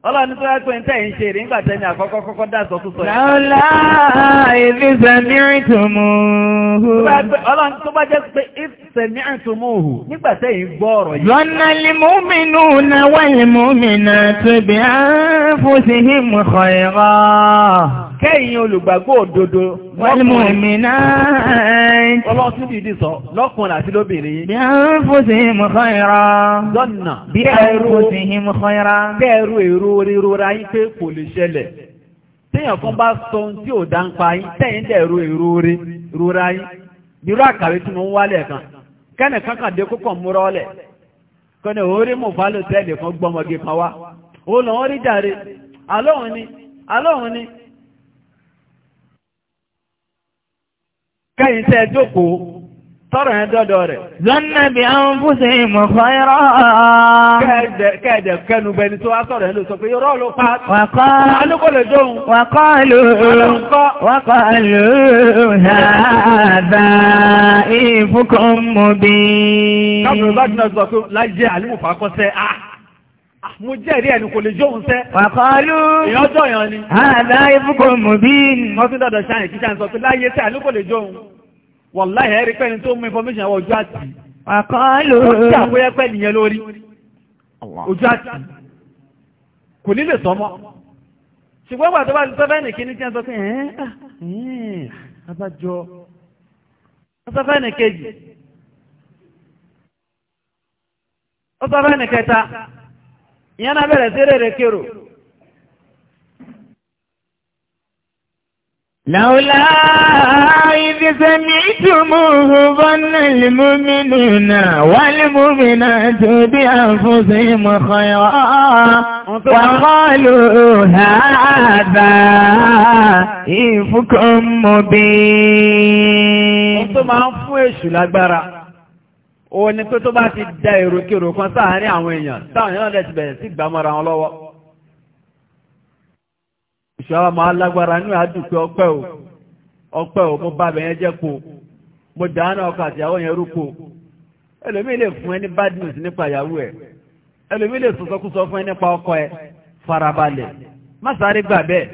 [SPEAKER 2] ọlọ́ni tó yàgbé tẹ́ ń ṣe rí ń gbàtẹ́ ní àkọ́kọ́ kọ́kọ́ dáàtọ̀ tó sọ yìí. lọ́la ìfi
[SPEAKER 1] sẹ̀mírì tó mú hù.
[SPEAKER 2] ọlọ́ni tó bá jẹ́ pé ìfi sẹ̀mírì tó mú hù nígbà tẹ́ yìí gbọ́ ọ̀rọ̀ yìí. lọ́nà
[SPEAKER 1] limúmínú na wàlímúmínà tóbi á fún sí i mú kọ́ ìrọ́. kẹ́yìn olùgbàgbọ́ òdodo. wàlímúmínà. ọlọ́run
[SPEAKER 2] tún dìídì sọ lọ́kùnrin àti lóbìnrin. orí rora yín pé kò lè ṣẹlẹ̀ téèyàn kan bá sọ ohun tí ò dá ń pa yín tẹ̀yìn dẹ̀ ro èrò orí rora yín nírú àkàwé tí mo ń wálẹ̀ kan kẹ́nì kankan dé kókò múra ọlẹ̀ kọ́ni orí tọ́rọ̀ ẹ̀ dọ́dọ̀ rẹ̀. Lọ́nà bí a ń fúnṣe ìmọ̀ fọ́ẹ́rọ́. Kẹ́ẹ̀dẹ̀ kẹnu bẹni tó wá sọ̀rọ̀ ẹ̀ ló sọ pé yóò rọ́ ló pa.
[SPEAKER 1] Wàkọ́ ló wàkọ́ ló
[SPEAKER 2] wàkọ́ ló hàbà ìfúkọ́ mọ̀ bí. Káàkiri bá ti ah, ah, náà sọ pé láyé àlùmọ̀fà kọ́sẹ́ á. Mo jẹ́rí ẹni kò lè jóun sẹ́. Wàkọ́lú. Ìyọ́jọ́ yàn ni. Àdá ìfúkọ̀ mọ̀ bí. Wọ́n tún dọ̀dọ̀ ṣáyìn kíkà ń sọ pé láyé tẹ́ àlùkò lè jóun. wàláhì ẹ̀rí pẹ́ni tó mú information àwọn ojú àti
[SPEAKER 1] àkọọ́lù ọjọ́ àkóyẹ́
[SPEAKER 2] pẹ́ nìyẹn lórí ojú àti kò nílè sọmọ́ ṣùgbọ́n tó bá ti sọ́fẹ́ nìkí tí wọ́n sọ pé ẹ̀ẹ́n abájọ sọ́fẹ́ nìkejì
[SPEAKER 3] sọ́fẹ́ nìkẹta
[SPEAKER 2] ìyẹn náà bẹ̀rẹ̀
[SPEAKER 1] لولا إذ سمعتموه ظن المؤمنون والمؤمنات بأنفسهم خيرا وقالوا هذا إفك مبين Ó tó máa ń
[SPEAKER 2] fún èṣù lágbára. Ó ní pé tó bá ti da èròkèrò kan sáàárín àwọn èèyàn ìṣọ́wà máa lágbára ní àdùpẹ́ ọpẹ́ ò ọpẹ́ ò mo bá bẹ̀yẹn jẹ́ po mo dáná ọkọ àtìyàwó yẹn rúpo ẹlòmí lè fún ẹ ní bad news nípa ìyàwó ẹ ẹlòmí lè sọsọkúsọ fún ẹ nípa ọkọ ẹ farabalẹ̀ má sáré gbà bẹ́ẹ̀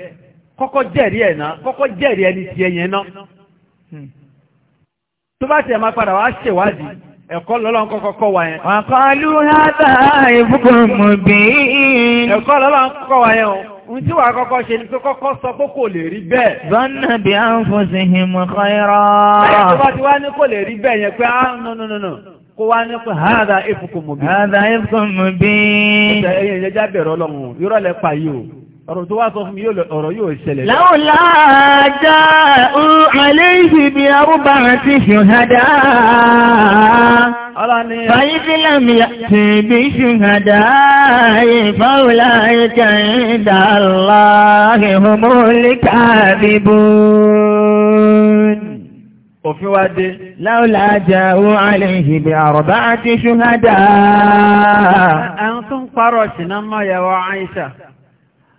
[SPEAKER 2] kọ́kọ́ jẹ́rìí ẹ̀ náà kọ́kọ́ jẹ́rìí ẹni tiẹ̀ yẹn náà tó bá tiẹ̀ máa padà wá ṣèwádìí ẹ̀kọ́ lọ́lọ́n kọ́kọ́ kọ́ wa yẹn. wàkọ́lù hádà ìbùkún mùbí. ẹ̀kọ́ lọ́lọ́n kọ́kọ́ wa yẹn o ń tí wà kọ́kọ́ ṣe ní tó kọ́kọ́ sọ pé kò lè rí bẹ́ẹ̀. Zanna bí
[SPEAKER 1] a ń fún sí him kọ́irọ́. Bẹ́ẹ̀ tó bá ti
[SPEAKER 2] wá ní kò lè rí bẹ́ẹ̀ yẹn pé á nù nù nù kó wá ní pé hádà ifukun mubin. Hádà ifukun mubin. Ó tẹ̀ ẹyẹ ọlọ́run, irọ́ lẹ yìí o ọ̀rọ̀ tó wá sọ fún mi ọ̀rọ̀ yóò ṣẹlẹ̀. láwùlá já aléhì bí arúgbà àti ṣùhádá
[SPEAKER 1] fàyífìlàmì tí bí ṣùhádá ìfàwùlá ìkà ìdàlá ìhùmúlíkà bíbú
[SPEAKER 2] Òfin wá dé. Láúlá jẹ́ òun aléhì
[SPEAKER 1] bí àrọ̀bá àti ṣúhádà.
[SPEAKER 2] Àwọn tó ń parọ̀ ṣìnà mọ́ yẹ̀wọ̀ Àìṣà.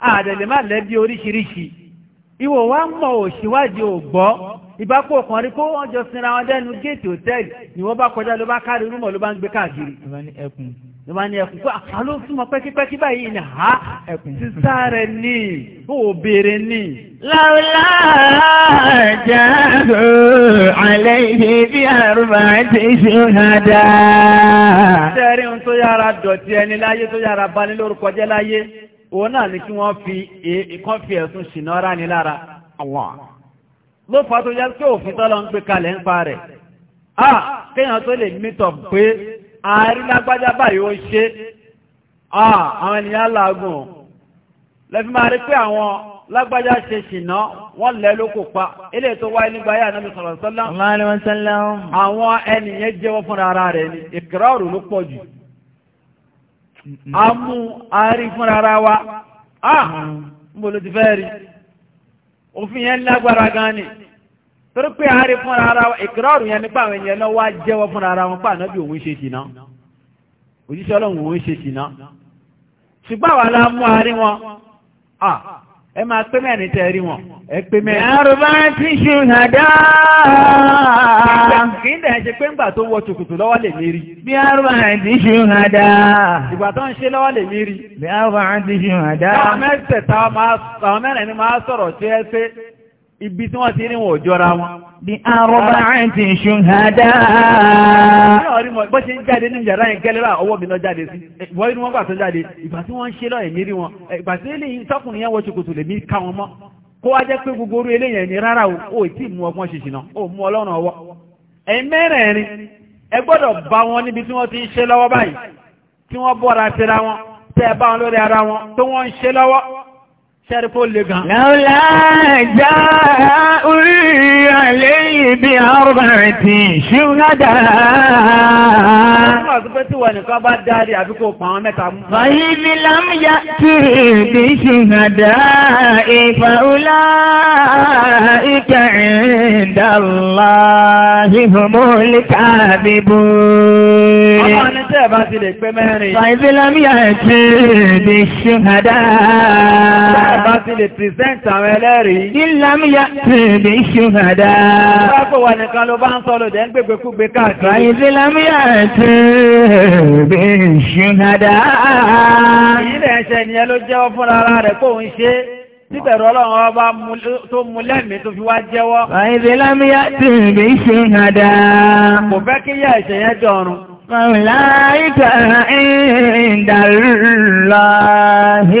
[SPEAKER 2] àdẹ̀lẹ̀ má lẹ́bí oríṣiríṣi ìwò wa mọ̀ òṣìwádìí ò gbọ́ ìbápò kan rí kó wọ́n jọ sinra wọn dẹ́nu géètì hòtẹ́ẹ̀lì ni wọ́n bá kọjá ló bá kárí rúmọ̀ ló bá ń gbé káàkiri ló bá ní ẹkùn pé àló ah, súnmọ́ pẹ́kípẹ́kí báyìí ní àá sísá rẹ̀ ní òbèrè ní. láwùlá jáàbò
[SPEAKER 1] alẹ́ ìdí bí àrùbá ti ṣe dáadáa.
[SPEAKER 2] sẹ́rí ohun tó yára dọ̀tí ẹni láyé tó yára bá ní lórúkọ jẹ́ láyé òun náà ni kí wọ́n fi ìkan e, fi ẹ̀sùn ṣìnà ara ní lára àwọn ló fà tó yá pé òfin tọ́lọ ń gbé kalẹ̀ ń pa rẹ̀ à kéèyàn tó lè mítọ̀ pé ààrí lágbájá báyìí ó ṣe à àwọn ènìyàn làágùn lẹ́fí máa rí pé àwọn lágbájá ṣe ṣìnà wọ́n lẹ́ ló kò pa ilé tó wáyé nígbà yà náà sọ̀rọ̀ sọ́lá àwọn ènìyàn jẹ́wọ́ fúnra ara rẹ̀ ni ìkìrọ̀rù ló pọ̀ jù
[SPEAKER 3] a mú àárí fúnra ara wa
[SPEAKER 2] ah mbòlò ti fẹ́ rí òfin yẹn lágbára gan ni torí pé àárí fúnra ara wa ìkìrọ̀rù yẹn nípa àwọn ènìyàn náà wá jẹ́wọ́ fúnra ara wọn pa ànábì òun ṣe ṣìná òjíṣẹ́ ọlọ́run òun ṣe ṣìná ṣùgbọ́n àwa la mú àárí wọn ah ẹ máa pé mẹ́rin wọn ẹ pé mẹ́rin. ti kì í dẹ̀ ṣe pé ńgbà tó wọ lọ́wọ́ lè mí rí.
[SPEAKER 1] ti
[SPEAKER 2] ìgbà tó ń ṣe lọ́wọ́ lè mí rí.
[SPEAKER 1] àwọn
[SPEAKER 2] mẹ́rin ibi tí wọ́n ti rí wọn bí arọ́bá
[SPEAKER 1] àti ṣùhádá.
[SPEAKER 2] Bó Kó wá pé gbogbo orú eléyìí ni rárá o, tí mú ọgbọ́n ṣìṣì náà, mú ọlọ́run ọwọ́. Ẹ̀yin mẹ́rẹ̀ẹ̀rin, bá wọn níbi tí wọ́n ti ń ṣe lọ́wọ́ báyìí, tí wọ́n bọ́ra síra wọn, tẹ́ wọn lórí ara wọn, tó wọ́n ń ṣe lọ́wọ́. تعرفون لقاء لولا جاء علي
[SPEAKER 1] بأربعة شهداء
[SPEAKER 2] طيب لم يأتي
[SPEAKER 1] بشهداء فأولئك عند الله هم الكاذبون طيب لم يأتي بشهداء bá ti lè
[SPEAKER 2] pìrìsẹ́ǹtì àwọn ẹlẹ́rìí. Nílámíyá ti
[SPEAKER 1] lè ṣùhàdá. Ìgbàgbọ́
[SPEAKER 2] wà nìkan ló bá ń sọ lòdẹ̀ ń gbégbékúgbé káàkiri.
[SPEAKER 1] Àyíndínlámíyá ti lè ṣùhàdá. Ìyílẹ̀ ẹ̀ṣẹ̀
[SPEAKER 2] nìyẹn ló jẹ́wọ́ fúnra rẹ̀ kó ń ṣe títẹ̀rọ ọlọ́run ọba tó mú lẹ́mí tó fi wá jẹ́wọ́.
[SPEAKER 1] Àyíndínlámíyá ti lè ṣùhàdá. Kò fẹ́ kí yá ẹ̀ṣẹ̀ yẹn jọrùn. Màláìkà ìdàrúlá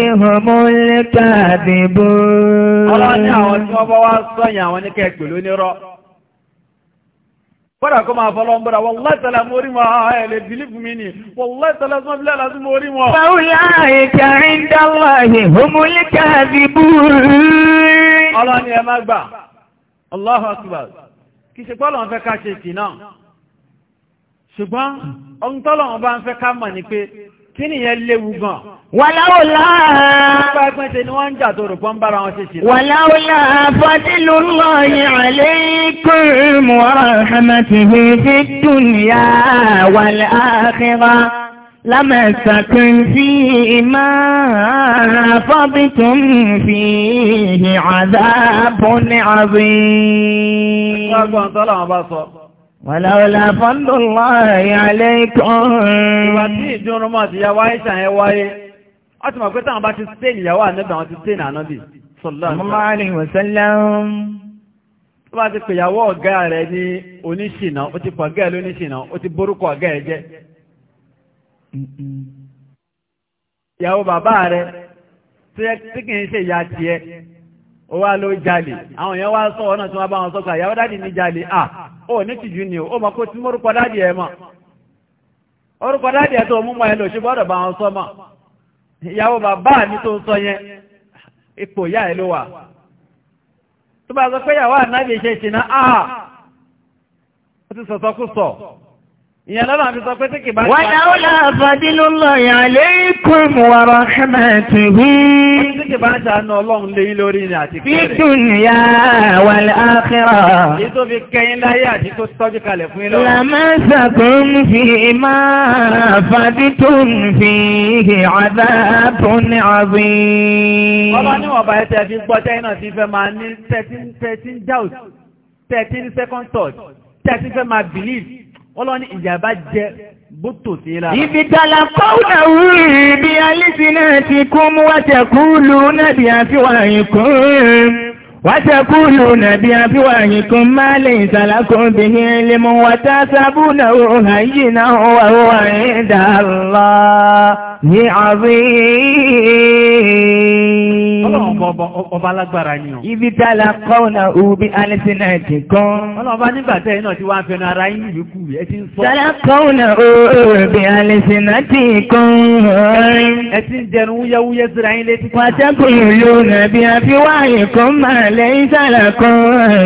[SPEAKER 1] ìhùnmúlẹ́kà dìbò. Ọlọ́ni àwọn tí wọ́n bọ́ máa
[SPEAKER 2] fọ́lọ́ ń bọ́dà, wọ́n látàlá mórí wọn ẹ̀lẹ̀ bìlífù mi ni, wọ́n látàlá sọ́n bí lára sí mórí wọn. Màláìkà ìdàrúlá
[SPEAKER 1] ìhùnmúlẹ́kà dìbò. Ọlọ́ni ẹ
[SPEAKER 2] má gbà, Allahu Akbar, kì í ṣe pọ́lọ̀ ṣùgbọ́n ohun tọ́lọ̀wọ́n bá ń fẹ́ ká mọ̀ ní pé kí nìyẹn léwu gan wàláwòlá pàgbẹ́sẹ̀ ni wọ́n ń jà tó rò pọ́n bára wọn ṣe ṣe wàláwòlá fadlullahi alaykum
[SPEAKER 1] wa rahmatuhu fid فيه عذاب عظيم Wàláwàlá fọ́ndùnlá ẹ̀yà aléìkún. Ìwà tí
[SPEAKER 2] ìdúnrúnmọ̀ ti yàwá ìṣà ẹ wáyé, ọ ti mọ̀ pé táwọn bá ti stéèn ìyàwó ànábì àwọn ti stéèn ànábì. Tó bá ti yawo ọ̀gá rẹ̀ oníṣìnà, ó ti lóníṣìnà, ó ti borúkọ ọ̀gá ẹ̀ jẹ́. bàbá
[SPEAKER 3] rẹ̀
[SPEAKER 2] tí kìí ṣe ìyá ó wá ló jalè àwọn èèyàn wá sọ ọ̀nà tí wọ́n bá wọn sọ́kọ̀ àyàwó dáàdì ní jalè à ah, ó ní tìjú ni ó mọ̀ kó tí mórúkọ dáàdì ẹ̀ mọ̀ orúkọ dáàdì ẹ̀ tó mú mọ́ ẹ lò ṣe gbọ́dọ̀ bá wọn sọ mọ̀ ìyàwó bàbá mi tó sọ yẹn ipò ìyá ẹ̀ ló wà tó bá sọ pé ìyàwó ànábì ṣe ṣìnà ah! ó ti sọ̀sọ́kú sọ̀ ìyẹn lọ́nà àti sọ pé tí kì bá ṣe wọ́n náà láà
[SPEAKER 1] fàdílù lọ́yìn àléékùn rí tí bá ṣe
[SPEAKER 2] àánú ọlọ́run lórí àti kẹrẹ fi dùnìyà wà fi kẹyìn láyé àti tó 13 13 doubt 13 second believe ọlọ́ni ìjàmbá jẹ bótò sí lára. ìbìtàlà fọ́nà
[SPEAKER 1] wúrí bí alísínà ti kún mú wáṣẹ̀kú lù nàbí àfíwáyìn kún wáṣẹ̀kú lù nàbí àfíwáyìn kún má lè ìsàlákùn bí i lè mú wàtá sábú náà òun àyè náà wà wà ń dà lọ ní àrí
[SPEAKER 2] ọba alágbára
[SPEAKER 1] ibi tí a la kọ́ na ubi alisina ti kan.
[SPEAKER 2] ọlọ́ba nígbà tẹ́ iná ti wá ń fẹnu ara yín ìlú kù ẹ ti ń sọ. tala
[SPEAKER 1] kọ́ na ubi alisina ti kan.
[SPEAKER 2] ẹ ti ń jẹnu wúyẹ́wúyẹ́ síra yín létí. pàtẹ́kùn ìlú nàbí
[SPEAKER 1] àfiwáyé kan máa lẹ́yìn sàlà kan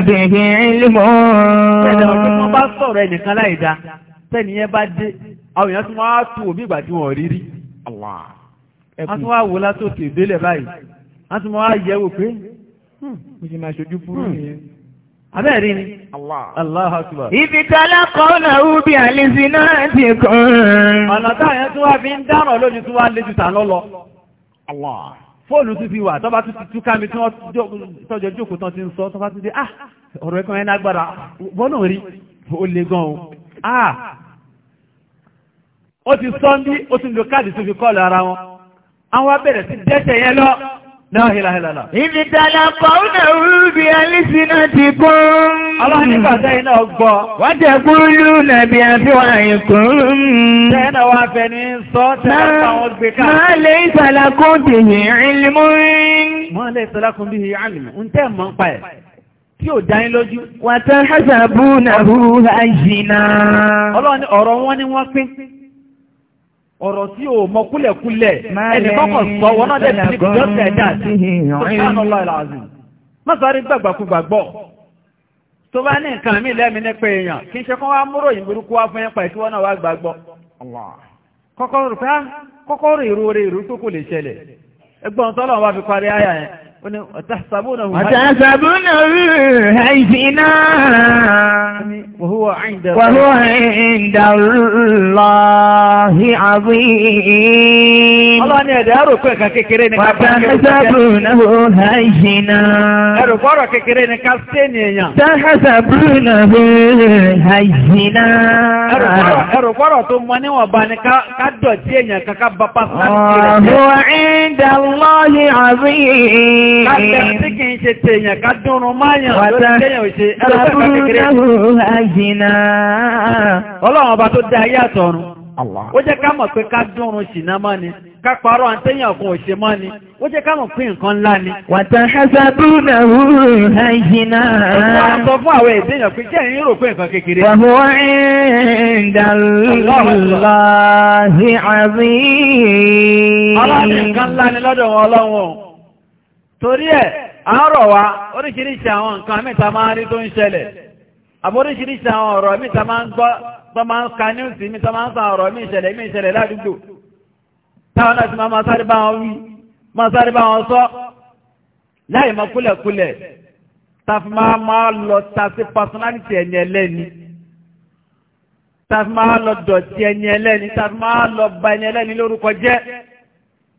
[SPEAKER 1] bẹ̀rẹ̀ ìlúmọ̀. ẹ̀dọ̀ ọ̀gbìn wọn bá
[SPEAKER 2] sọ̀rọ̀ ẹnìkan láì dá tẹ́niyẹn bá dé àwọn èèyàn tún wá tún òbí ìgbà tí wọ́n rí rí. Allah. látòkè délẹ̀ báyìí. a tún mọ́ wá yẹ̀wò pé hmm, mo ṣe máa ṣojú fúrú hmm. nìyẹn abẹ́ẹ̀rí ni Akbar ibi tọ́lá kọ́nà ubi àlèsí náà ti kàn ọ̀nà táyẹ̀ tó wá fi ń dáràn lónìí tó wá lójú tà lọ́lọ́ fóònù tún fi wà tọ́ba tún ti túká ti ń ah ọ̀rọ̀ yẹn lágbára bọ́nà rí O le gan o ó ti ó ti fi kọ́ọ̀lù ara wọn àwọn abẹ́rẹ́ ti dẹ́sẹ̀ yẹn láhìláhìláhìlá.
[SPEAKER 1] Ibi tàlà fọ́nà
[SPEAKER 2] rúbi alísínà ti kún. Aláhìníkàtà
[SPEAKER 1] iná gbọ́. Wọ́n tẹ kúrú nàbí àfihàn àyíkún. Tẹ́nà wá
[SPEAKER 2] fẹ́ni sọ tẹ́lá àwọn gbé ká. Máa lè ìsàlákún
[SPEAKER 1] ti yì ìlímú rí.
[SPEAKER 2] Máa lè ìsàlákún bí i àlìmù. Ń tẹ́ mọ́ pa ẹ̀. Tí ò dá yín lójú.
[SPEAKER 1] Wàtán Háṣàbù
[SPEAKER 2] Nàhú ni wọ́n ọ̀rọ̀ tí o mọ kúlẹ̀kúlẹ̀ ẹni kọ́kọ̀ sọ wọn náà dẹ̀bí ní just like that subhanallah alazim mọ́sàárì gbàgbàkúgbàgbọ́ tó bá ní nǹkan mí lẹ́mi nípa èèyàn kí n ṣe kán wá múrò ìgbèrúkú wá fún ẹ̀pà ìtí wọ́n náà wá gbàgbọ́ kọ́kọ́rò tó kò lè ṣẹlẹ̀ ẹgbọ́n wá fi parí yẹn وتحسبونه وتحسبونه
[SPEAKER 1] هيفنا
[SPEAKER 2] يعني وهو عند وهو عند
[SPEAKER 1] الله عظيم وتحسبونه هيفنا تحسبونه هيفنا
[SPEAKER 2] وهو عند
[SPEAKER 1] الله عظيم
[SPEAKER 2] Kátẹ̀sí kì í ṣe tèèyàn ká dúnrún Ọlọ́run ọba tó dá ayé àtọ̀run. Ó jẹ́ ká mọ̀ pé ká dúnrún ṣìnà mọ́ ni, ká parọ́ àtẹ́yìn ọ̀kan ò mọ́ ni, ó jẹ́ ká mọ̀ pé nǹkan ńlá ni.
[SPEAKER 1] Wàtà ṣáṣábù náà wúrò àìṣìnà. Wọ́n sọ
[SPEAKER 2] fún torí ẹ̀ àárọ̀ wa oríṣiríṣi àwọn nǹkan mẹ́ta máa rí tó ń ṣẹlẹ̀ àbóríṣiríṣi àwọn ọ̀rọ̀ mẹ́ta máa ń gbọ́ tó máa ń ka níwùsì mẹ́ta máa ń sàn ọ̀rọ̀ mí ìṣẹ̀lẹ̀ mí ìṣẹ̀lẹ̀ ládùúgbò táwọn láti máa sáré bá wọn wí máa sáré bá wọn sọ láì mọ kúlẹ̀kúlẹ̀ tàfi máa máa lọ ta sí personality ẹni ẹlẹ́ni tàfi máa lọ dọ̀tí ẹni ẹlẹ́ni tàfi máa lọ ba ẹni ẹlẹ́ni lórúkọ jẹ́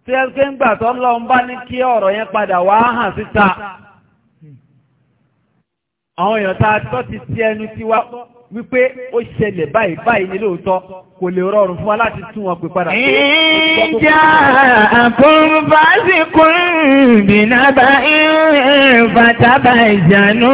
[SPEAKER 2] tí ẹ pé ń gbà tó ń lọ ń bá ní kí ọ̀rọ̀ yẹn padà wá hàn síta àwọn èèyàn tá a tọ́ ti ti ẹnu ti wá wípé ó ṣẹlẹ̀ báyìí báyìí ní lóòótọ́ kò lè rọrùn fún wa láti tún wọn pè padà. ìjà àkóńfàásìkún bìnàbà
[SPEAKER 1] ìrìn fàtàbà ìjànú.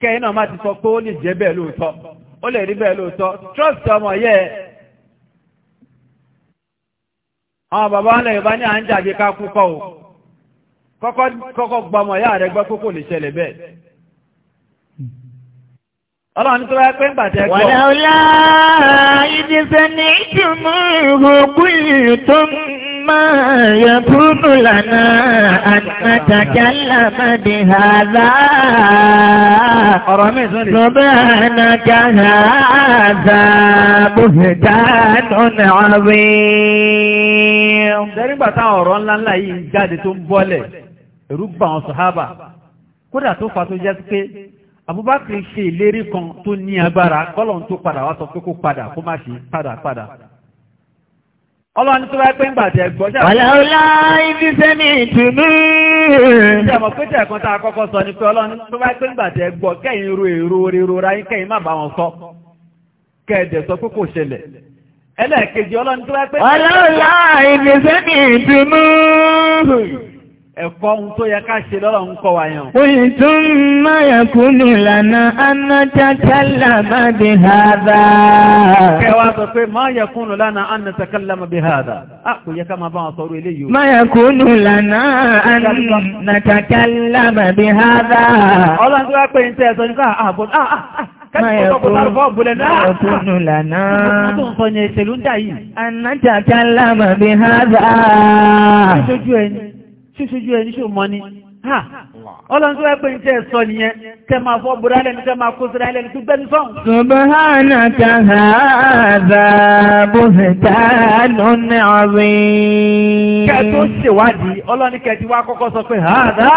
[SPEAKER 2] kẹ́yìn náà má ti sọ pé ó lè jẹ́ bẹ́ẹ̀ lóòótọ́ ó lè rí bẹ́ẹ̀ lóòótọ́ trust ọmọ yẹ ẹ. àwọn bàbá ńlẹ̀ yorùbá ní à ń jàbí ká kúkọ́ o kọ́kọ́ gba ọmọ ìyá rẹ̀ gbọ́ pé kò lè ṣẹlẹ̀ bẹ́ẹ̀. Ọlọ́run tó wáyé pé ń gbàtẹ́ gbọ́. Wàlá ọlá ìdíṣẹ́ ní ìtumọ̀
[SPEAKER 1] ìhòkú ìtọ́mù máa yẹ kúrú lànà àtàkàlà mẹ́dì hàdá. Ọ̀rọ̀ mi sọ ni. Lọ́bẹ̀ ànàkà hàdá bùhìdá lọ́nà
[SPEAKER 2] àwẹ̀. Dẹ́rígbà táwọn ọ̀rọ̀ ńláńlá yìí ń jáde tó ń bọ́lẹ̀, ẹ̀rú bà wọn sọ̀hábà. Kódà tó fa tó jẹ́ pé Abubakar ṣe ìlérí kan tó ní agbára kọ́lọ̀ tó padà wá sọ pé kó padà kó má ṣe padà padà. Ọlọ́run tó bá pé ń gbàtẹ̀ gbọ́ ṣáà. Ọ̀làọ̀lá ibi sẹ́mi ìtùnú. Ṣé ọmọ pé tẹ̀ kan tá a kọ́kọ́ sọ ni pé Ọlọ́run tó bá pé ń gbàtẹ̀ gbọ́ kẹ́yìn ro èrò ríro ra yín kẹ́yìn má bá wọn sọ. Kẹ́ẹ̀dẹ̀ sọ pé kò ṣẹlẹ̀. Ẹlẹ́ẹ̀kejì Ọlọ́run tó bá pé. Ọ̀làọ̀lá ibi sẹ́mi ìtùnú ẹ̀kọ́ ohun tó yẹ ká ṣe lọ́rọ̀ ń kọ wa yàn.
[SPEAKER 1] Oye tó ń máa yẹ̀kúnù lànà anátàkàlà máa bí hàdà. Kẹwa
[SPEAKER 2] sọ pé máa yẹ̀kúnù lànà anátàkàlà máa bí hàdà. A kò yẹ ká máa bá wọn sọ̀rọ̀ eléyìí o. Máa yẹ̀kúnù lànà anátàkàlà máa bí hàdà. Ọlọ́run tí wá pé ń tẹ́ ẹ̀sọ́ ní ká àbọ̀n. Ọkùnrin
[SPEAKER 1] lànà. Ọdún
[SPEAKER 2] sọ ni ìṣèlú ń dà yìí.
[SPEAKER 1] Ànájà kí á lámà bí hádà. Ṣojú ẹni
[SPEAKER 2] ṣíṣíjú ẹni ṣò mọ́ ni ha ọlọ́run tó wá pé ní tẹ́ ẹ sọ nìyẹn tẹ́ máa fọ́ bùrá lẹ́nu tẹ́ máa kó síra lẹ́nu tó gbẹ́ni sọ́hùn.
[SPEAKER 1] subhanaka hadha buhtanun azim. kẹ́ tó ṣèwádìí
[SPEAKER 2] ọlọ́run kẹ́ ti wá kọ́kọ́ sọ
[SPEAKER 1] pé hadha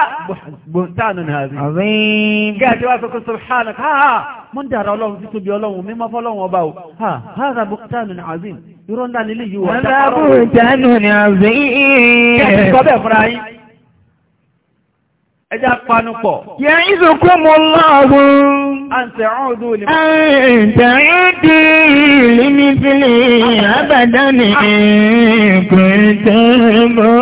[SPEAKER 2] buhtanun azim. kẹ́ ti wá sọ pé subhanaka ha mo ń dàrá ọlọ́run títóbi ọlọ́run mímọ́ fọ́lọ́run ọba o ha hadha buhtanun azim irọ́ ńlá nílé yìí wà. hadha buhtanun
[SPEAKER 1] azim. kẹ́ ti sọ bẹ́ẹ̀ fúnra yín
[SPEAKER 2] ẹjá panupọ̀.
[SPEAKER 1] Yẹ ìzòkó mọ́ láàrùn.
[SPEAKER 2] A ń tẹ̀ ọ́n ọdún olè. Àìtẹ̀
[SPEAKER 1] ìdí límífìlì àbàdá ni kò tẹ́ bọ́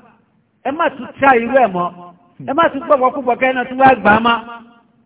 [SPEAKER 2] ẹ má tún ṣá irú ẹ̀ mọ́ ẹ má tún gbọ́gbọ́ púpọ̀ kẹ́ ẹ̀ náà tún wá gbà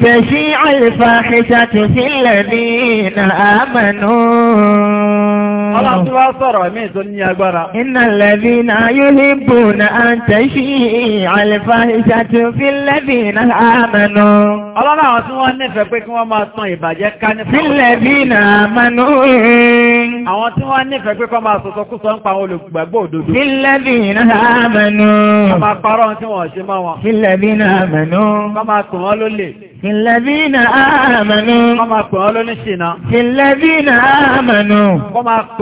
[SPEAKER 1] تشيع الفاحشة في الذين آمنوا Ọlọ́run tí wá sọ̀rọ̀ mí al-fahishatu fil ladhina amanu.
[SPEAKER 2] Ọlọ́run àwọn tí wọ́n nífẹ̀ẹ́ pé Fil ladhina amanu. Àwọn tí wọ́n nífẹ̀ẹ́ pé kọ́ máa sọ̀tọ̀ kú sọ ń pa àwọn olùgbàgbọ́ òdodo. Fil ladhina amanu. Kọ́ máa parọ́ tí wọ́n ṣe máa wọn. Fil
[SPEAKER 1] ladhina amanu.
[SPEAKER 2] Kọ́ máa tàn wọ́n lólè. Fil ladhina amanu. Kọ́ Fil ladhina amanu. Kọ́ máa p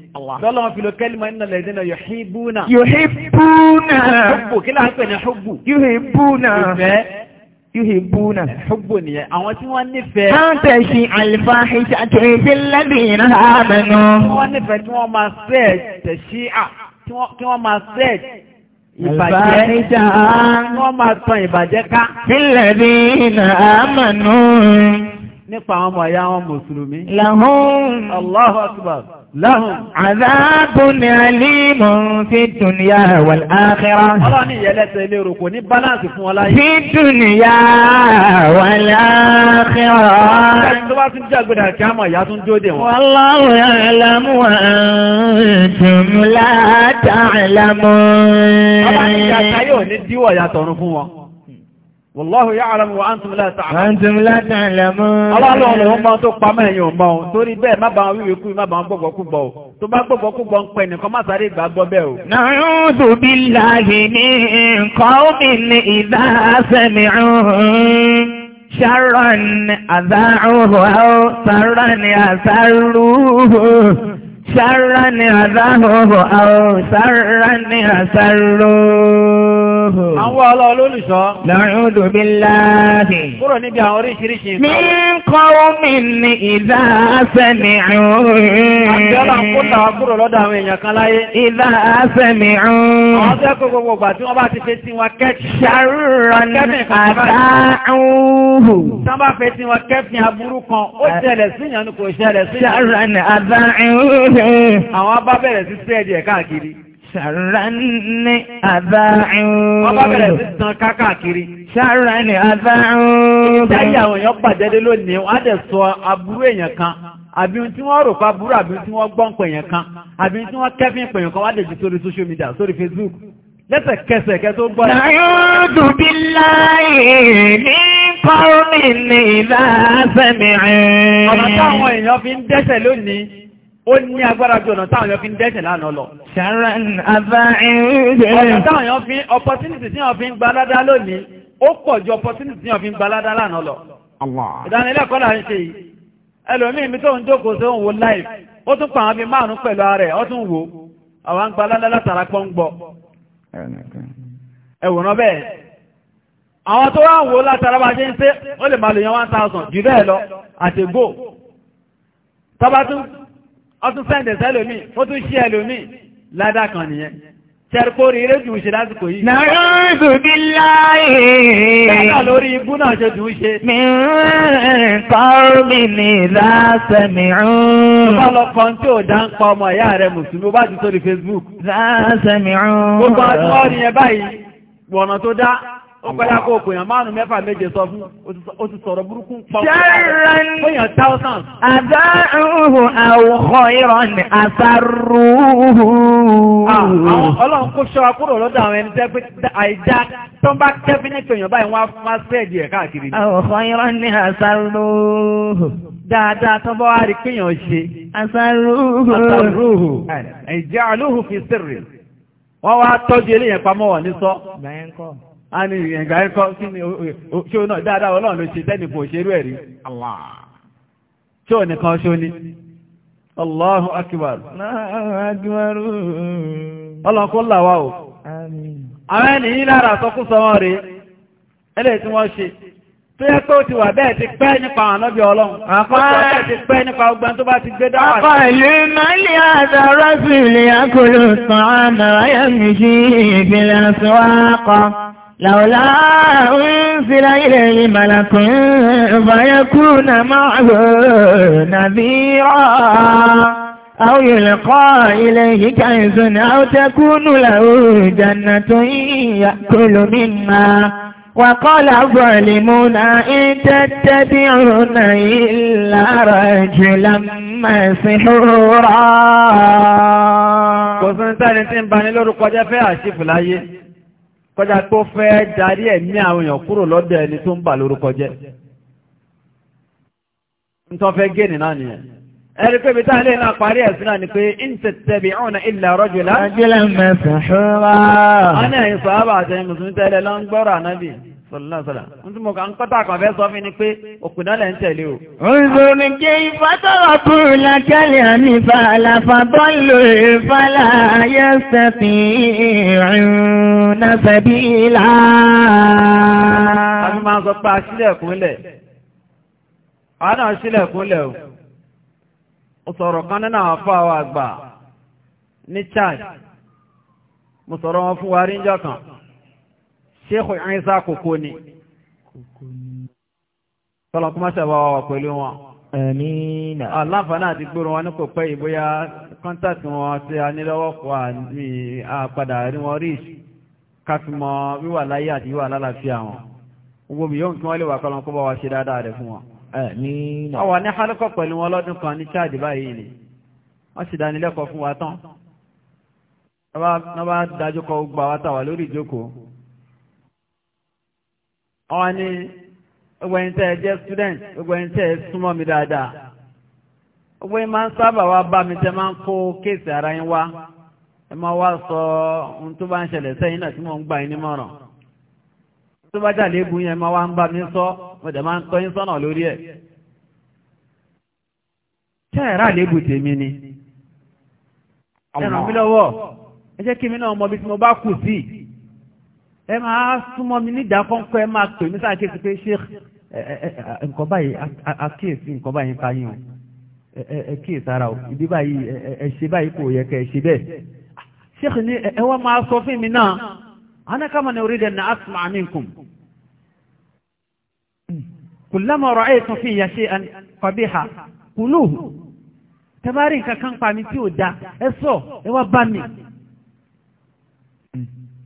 [SPEAKER 2] lọ́lọ́wọ́ fi lo kẹ́lìmọ̀ iná lẹ́dínà yòhìbúnà yòhìbúnà ṣùgbò kí láà ń pè ní ṣùgbò yòhìbúnà ìfẹ́ yòhìbúnà ṣùgbò nìyẹn àwọn tí wọ́n nífẹ̀ẹ́ wọ́n tẹ̀sí àlìfáhìṣà
[SPEAKER 1] tẹ̀sí lẹ́bìnrin àmẹ́nu wọ́n
[SPEAKER 2] nífẹ̀ẹ́ tí wọ́n máa fẹ́ tẹ̀sí à kí wọ́n máa fẹ́
[SPEAKER 1] ìbàjẹ́ wọ́n máa tan
[SPEAKER 2] ìbàjẹ́ ká lẹ́bìnrin àmẹ́nu nípa àwọn ọmọ ìyá wọn mùsùlùmí. Lahum. Allahu akbar. Láhùn. Àzáàbù
[SPEAKER 1] ni alímù fi dùnìyà wàl ákírà. Ọlọ́run
[SPEAKER 2] ní ìyẹlẹ́sẹ̀ ilé orò kò ní báláǹsì fún ọlá yìí. Fi
[SPEAKER 1] dùnìyà wàl ákírà. Ẹni
[SPEAKER 2] bá tún jẹ́ àgbẹ̀dà kí á mọ̀ ìyá tún jó dè wọ́n. Wallahu ya'lamu wa
[SPEAKER 1] antum
[SPEAKER 2] la ta'lamun. Ọlọ́run ìyá ta yóò ní díwọ̀ yàtọ̀run fún wọn. Wàláhù yá àrẹ̀mù wa ántùm láta àmà. Ántùm láta àlẹ̀mù. Aláàlọ́ ọ̀rọ̀ mọ́ tó pamọ́ ẹ̀yìn ọmọ ohun torí bẹ́ẹ̀ má bá wọn wíwé kú má bá wọn gbọ́gbọ́ kú bọ̀ ohun. Tó bá gbọ́gbọ́ kú bọ̀ ń pẹ́ nìkan má sáré ìgbàgbọ́ bẹ́ẹ̀ o.
[SPEAKER 1] Nàrúdù bí láàyè ní nǹkan omi ní ìdá sẹ́mi ọ̀hún. Ṣáràn àdáhùn ọ̀hún, ṣáràn àṣàrùhùn. Ṣáràn ọ̀hún, ṣáràn àṣàrùhùn olùṣọ́. Àwọn ọlọ́ olólùṣọ́. La'udu billahi.
[SPEAKER 2] Kúrò níbi àwọn oríṣiríṣi. Ní qawmin
[SPEAKER 1] idha sami'u. Àbí ọlọ́ àkúta kúrò lọ́dọ̀ àwọn èèyàn kan láyé.
[SPEAKER 2] Idha sami'u. Àwọn tẹ́ kó gbogbo ìgbà tí wọ́n bá ti fẹ́ tí wọn kẹ́kì. Sharran adáhùhù. Tán bá fẹ́ tí wọn kẹ́kì aburú
[SPEAKER 1] kan, Sàránì àbáhùn. Wọ́n bá bẹ̀rẹ̀ sí tan
[SPEAKER 2] kákàkiri. Sàránì àbáhùn. Ìdáyé àwọn èèyàn pàdédé lónìí, wọ́n á dẹ̀ sọ aburú èèyàn kan. Àbí tí wọ́n rò pa burú àbí tí wọ́n gbọ́n pèèyàn kan. Àbí tí wọ́n kẹ́fín pèèyàn kan wá dẹ̀ jù sórí social media sórí Facebook. Lẹ́sẹ̀kẹsẹ̀ kẹ tó gbọ́. Nàyọ́dù bí láyé ní kọ́rùn ní ìlà sẹ́mi Ọ̀nà táwọn èèyàn fi ń dẹ́sẹ̀ lónìí ó ní agbára jù ọ̀nà táwọn èèyàn fi ń dẹ́sẹ̀ lánàá lọ.
[SPEAKER 1] ṣàrán àbáyé. ọ̀nà táwọn
[SPEAKER 2] èèyàn fi opportunity tí wọ́n fi ń gbalada lónìí ó pọ̀ ju opportunity tí wọ́n fi ń gbalada lánàá lọ. ìdánilẹ́kọ̀ọ́ là ń ṣe yìí ẹlòmíì mi tó ń jókòó tó ń wo live ó tún pa àwọn bíi márùn-ún pẹ̀lú ara ẹ̀ ó tún wò àwọn ń gbalada látara pọ́ ń gbọ́. ẹ̀wòrán bẹ́ẹ̀ àwọn tó wá ń wò látara bá ṣe ń ṣe ó lè máa lè yan one thousand jù bẹ́ẹ̀ lọ àtẹ̀gbò tọ́ba tún ọtún sẹ́ǹdẹ̀ sẹ́lòmí ó tún ṣí ẹlòmí ládá kan nìyẹn tẹ́rìkórí rédùn ṣe lásìkò yìí nàájú
[SPEAKER 1] bí láàyè ẹ̀yà lórí ibú náà ṣe dùn ṣe mẹ́rìnkọ́rùmí ní lásẹ̀mìrún ọlọ́kọ̀
[SPEAKER 2] tí ó dá ń pa ọmọ ìyá rẹ̀ mùsùlùmí bá ti sórí Facebook lásẹ̀mìrún
[SPEAKER 1] gbogbo ọdún ọdún yẹn báyìí
[SPEAKER 2] wọ̀nà tó dá ọkọ̀ ya kó òpòyàn márùn-ún mẹ́fà méje sọ fún ó ti sọ̀rọ̀ burúkú pọ̀pọ̀yàn thousand. àbáhùn
[SPEAKER 1] àwòkọ́ ìrọ̀ ni àsàrù.
[SPEAKER 2] ọlọ́run kó ṣọ́ra kúrò lọ́dọ̀ àwọn ẹni tẹ́ pé àìjá tó ń bá tẹ́fí ní pèèyàn báyìí wọ́n á máa sẹ́ẹ̀dì ẹ̀ káàkiri.
[SPEAKER 1] àwòkọ́ ìrọ̀ ni àsàrù.
[SPEAKER 2] dáadáa tó bá wá rí pèèyàn ṣe. àsàrù. àsàrù. ìjà àlóhùn fi sèrè wọ́n wá tọ́jú eléyẹn pamọ́ wọ̀ ní sọ. a ní ẹ̀gà ẹ̀kọ́ kí ni ṣé o náà dáadáa ọlọ́run ló ṣe tẹ́nìkù òṣèrú ẹ̀rí ṣé o nìkan ṣó ni Allahu akbar ọlọ́run kó là o àwọn ènìyàn lára àsọkúsọ wọn rèé ẹlẹ́yìn tí wọ́n ṣe tó yẹ ti wà bẹ́ẹ̀ ti pẹ́ nípa àwọn ọlọ́run. nípa ọgbọ́n tó bá ti gbé dáwà.
[SPEAKER 1] لولا أنزل إليه ملك فيكون معه نذيرا أو يلقى إليه كنز أو تكون له جنة يأكل مما وقال الظالمون إن تتبعون إلا رجلا مسحورا.
[SPEAKER 2] kò sí ní tẹ́ni tí ń bani lórúkọ kọjá tó fẹ́ darí ẹ̀mí àwọn èèyàn kúrò lọ́dọ̀ ẹni tó ń bà lórúkọ jẹ́ ń tọ́ náà nìyẹn
[SPEAKER 3] ẹ̀rí pé bí táà náà parí ẹ̀sìn
[SPEAKER 2] náà ni pé in tattabi'una illa rajulan rajulan mashuura sọlọ́sọlá ń tún mọ̀ ká ń pẹ́tà kan fẹ́ sọ fún ni pé òkú náà lẹ̀ ń tẹ̀lé o.
[SPEAKER 1] òǹzò mi jẹ́ ìfọ́tọ̀rọ̀ kúrò lákẹ́lẹ̀ àmì fàlàfà bọ́ọ̀lù ìfàlà ayé sẹ́fì ìrìn náà fẹ̀bí ìlà.
[SPEAKER 2] a fi máa ń sọ pé a sílẹ̀ kúnlẹ̀ a náà sílẹ̀ kúnlẹ̀ o. ó sọ̀rọ̀ kan nínú àwọn afọ àwọn àgbà ní chad mo sọ̀rọ̀ wọn fún wa ríńjọ́ kan ṣéèkù Ìsá kòkó ni tọ́lọ̀ kúmọ́ ṣẹ̀bá wà pẹ̀lú wọn àmìnà aláfàánà àti gbóòrò wọn ní kò pẹ́ ìbóyá kọ́ntàtì wọn tí a nílọ́wọ́ pọ̀ àmì àpadà rí wọn rí káfímọ́ wíwà láyé àti wíwà lálàáfíà wọn gbogbo mi yóò kí wọ́n lè wà kọ́lọ́n kó bá wa ṣe dáadáa rẹ̀ fún wọn àmìnà ọwà ní hálùkọ̀ pẹ̀lú wọn ní Chad báyìí gbà wá lórí ìjókòó àwọn ni gbogbo ẹni tẹ́ ẹ jẹ́ student gbogbo ẹni tẹ́ ẹ súnmọ́ mi dáadáa gbogbo ẹni máa ń sábà wá bá mi tẹ́ máa ń kó kéèsì ara yín wá ẹ máa wá sọ ohun tó bá ń ṣẹlẹ̀ sẹ́yìn náà tí mò ń gbà yín nímọ̀ràn tó bá jà léegun yẹn máa wá ń bá mi sọ mo dẹ̀ máa ń tọ́ yín sọ́nà lórí ẹ̀ ṣé ẹ̀rá tèmi ni
[SPEAKER 1] ẹ̀ràn mi lọ́wọ́
[SPEAKER 2] ẹ jẹ́ kí mi náà mọ bí mo bá kù sí ẹ máa súnmọ́ mi níjà kọ́ńkọ́ ẹ máa pè mí sáà kéèsì pé ṣé nǹkan báyìí àkíyèsí nǹkan báyìí ń ka yín o ẹ kíyèsí ara o ibi báyìí ẹ ṣe báyìí kò yẹ kẹ ẹ ṣe bẹ́ẹ̀ ṣéèkì ni ẹ wá máa sọ fún mi náà ana kama ni orílẹ̀ na asma minkum kullama ra'aytum fiya shay'an qabiha kùlù tẹ́bárì nǹkan pa mi tí ò da ẹ sọ ẹ wá bá mi.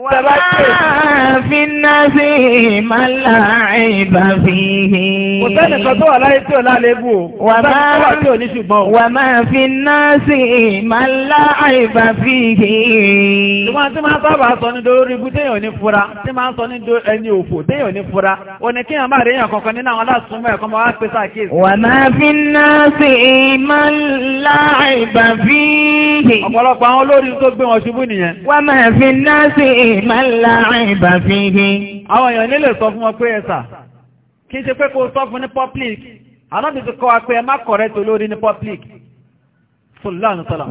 [SPEAKER 1] Wàlá fi ná
[SPEAKER 2] sí ìmọ̀lá
[SPEAKER 1] ìbá fi hì. Kò sẹ́ni kan tó wà láyé tí ò lálébù o. Wà máa wà tí Wà máa fi ná sí ìmọ̀lá ìbá fi hì. Ìwọ́n tí máa sábà sọ ní
[SPEAKER 2] dorí ibú téèyàn ní fura, tí máa sọ ní ẹni òfò téèyàn ní fura. O ní kí máa rí èèyàn kankan nínú àwọn aláṣùmọ̀ ẹ̀kọ́ máa wá pé sàkíyèsí. Wà máa fi
[SPEAKER 1] ná sí ìmọ̀lá ìbá fi hì. Ọ̀pọ̀lọpọ̀ àwọn olórí tó gbé wọn ṣubú nìyẹn. Wà
[SPEAKER 2] máa fi ná sí man la aiba fihi. àwọn èèyàn nílò sọ fún wọn pé ẹ̀sà kì í ṣe pé kó sọ fún ní public anábì ti kọ́ wa pé ẹ má correct olórí ní public. sùlánù sọlá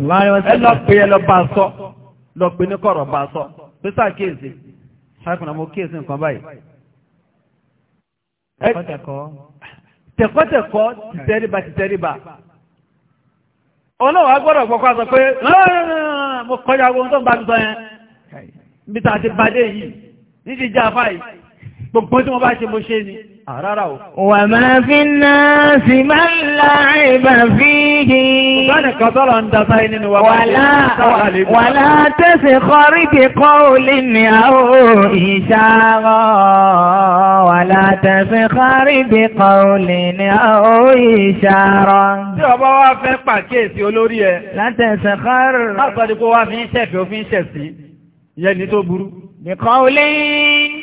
[SPEAKER 2] ẹ lọ pé ẹ lọ bá a sọ lọ pé ní kọ̀rọ̀ bá mo kíyèsí nǹkan báyìí. tẹ̀kọ́tẹ̀kọ́ tìtẹ́ríba kọjá ogun tó ń bá mi yẹn bí ta ti bàdé yìí ní ti já fáyìí gbogbo tí wọ́n bá ṣe mo ṣe ni àrárá o.
[SPEAKER 1] wà máa fi náà sì máa ń la ìbà fi
[SPEAKER 2] hì. ọ̀gbọ́nì kan tọ́lọ̀ ń da sáyé nínú wa. wàlá
[SPEAKER 1] tẹ̀sí kọrí ti kọ́ òlì ní àwọ̀ ìṣàrọ̀. wàlá tẹ̀sí kọrí ti kọ́ òlì ní àwọ̀ ìṣàrọ̀.
[SPEAKER 2] tí ọba wa fẹ́ pàkíyèsí olórí ẹ. látẹ̀sí kọrí. má sọ di kó wá fi ń ṣẹ̀fì ó fi ń ṣẹ̀ ìyẹn ni tó buru nìkan ó lé.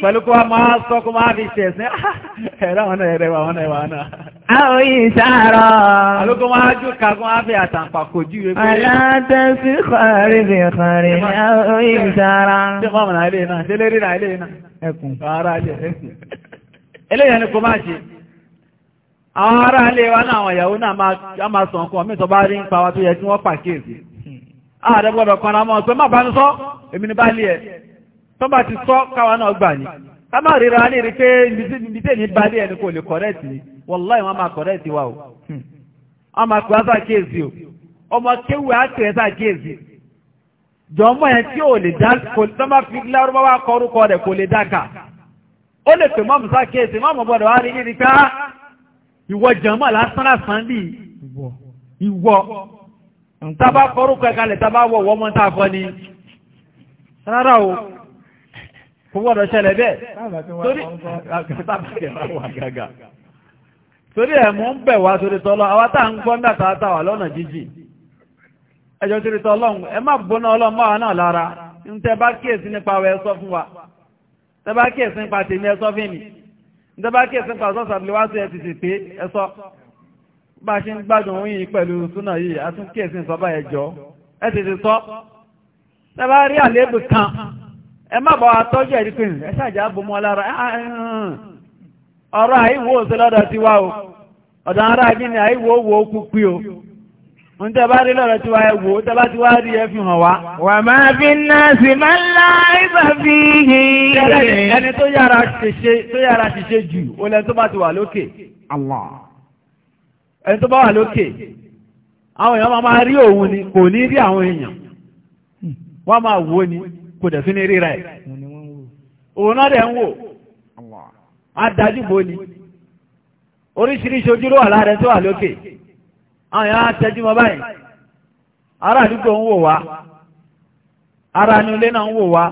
[SPEAKER 2] pẹ̀lú kó a máa sọ kó máa fi ṣẹ̀sìn ẹ̀rọ àwọn náà ẹ̀rẹ̀ wà wọn náà wà náà. a ò yí sáárọ̀. àlókò máa jó ká kó máa fi àtàǹpà kò jú ìwé pé.
[SPEAKER 1] alátẹ́sí kọ́rí bí kọ́rí a ò yí sáárọ̀. ṣé
[SPEAKER 2] mọ́mọ́ náà ilé náà ṣé lérí náà ilé náà. ẹkùn. ara ilé ẹkùn. eléyàn ni kò máa ṣe. àwọn ará ilé wa náà àwọn ìyàwó náà máa sọ ààrẹgbọ́dọ̀ ah, kan ra mọ́ ọ̀sọ́ má bá ń sọ èmi ní bá lé ẹ̀ tó bá ti sọ káwa náà gbà ní ká má ríra ní rí pé ibi o hmm. wọ́n máa pè wá sàkíyèsí o ọmọ kéwù á pè sàkíyèsí jọmọ yẹn tí ò lè dá kò tó má fi lárúbáwá kọrúkọ rẹ̀ kò lè dáka ó lè pè mọ́mù sàkíyèsí mọ́mù gbọ́dọ̀ wá rí ní rí pé ah, ìwọ jọmọ lásán lásán tàbá kọrúkọ ẹ̀kalẹ̀ tàbá wọ̀ wọ́n mọ́ tàà kọ́ ni rárá o kò ṣẹlẹ̀ bẹ́ẹ̀ torí ẹ̀ mú ń bẹ̀ wá torí tọ́lọ́ àwa tá ń gbọ́n dàtà àtàwà lọ́nà jíjì ẹjọ́ torí tọ́lọ́ ẹ má gbóná ọlọ́mọ àwọn náà lára ń kíyèsí nípa wa fún wa tẹ́ kíyèsí nípa bá ṣe ń gbádùn yìí pẹ̀lú súnà yìí a tún kí ẹ̀sìn sọ́bà ẹjọ́ ẹ ti ti sọ tẹ́bá rí àléébù kan ẹ má bọ̀ àtọ́jú ẹ̀rí pé ẹ ṣàjà bomọ́ lára ah, ah, ah. ọ̀rọ̀ àìwò òṣèlọ́dọ̀ ti wá o ọ̀dọ̀ ara ẹbí ni àìwò owó kú pí o ń tẹ́ bá rí lọ́rọ̀ tí ẹ wò ó tẹ́ bá ti wá rí ẹ fi hàn wá. wà máa fi náà sì máa ń la ibà fi hì. ẹni tó yára ṣiṣẹ́ jù ó lẹ́ni tó bá ti wà lókè. Allah. ẹni bá wà lókè
[SPEAKER 3] àwọn èèyàn máa rí òun ni kò
[SPEAKER 2] ní rí àwọn èèyàn wọ́n máa wò ní kò dẹ̀ fi ní rí ẹ̀ òun náà rẹ̀ ń wò adájúbo ni oríṣiríṣi ojúrò wà wà lókè àwọn èèyàn á báyìí Ara àdúgbò ń wò wá ni ilé náà ń wò wá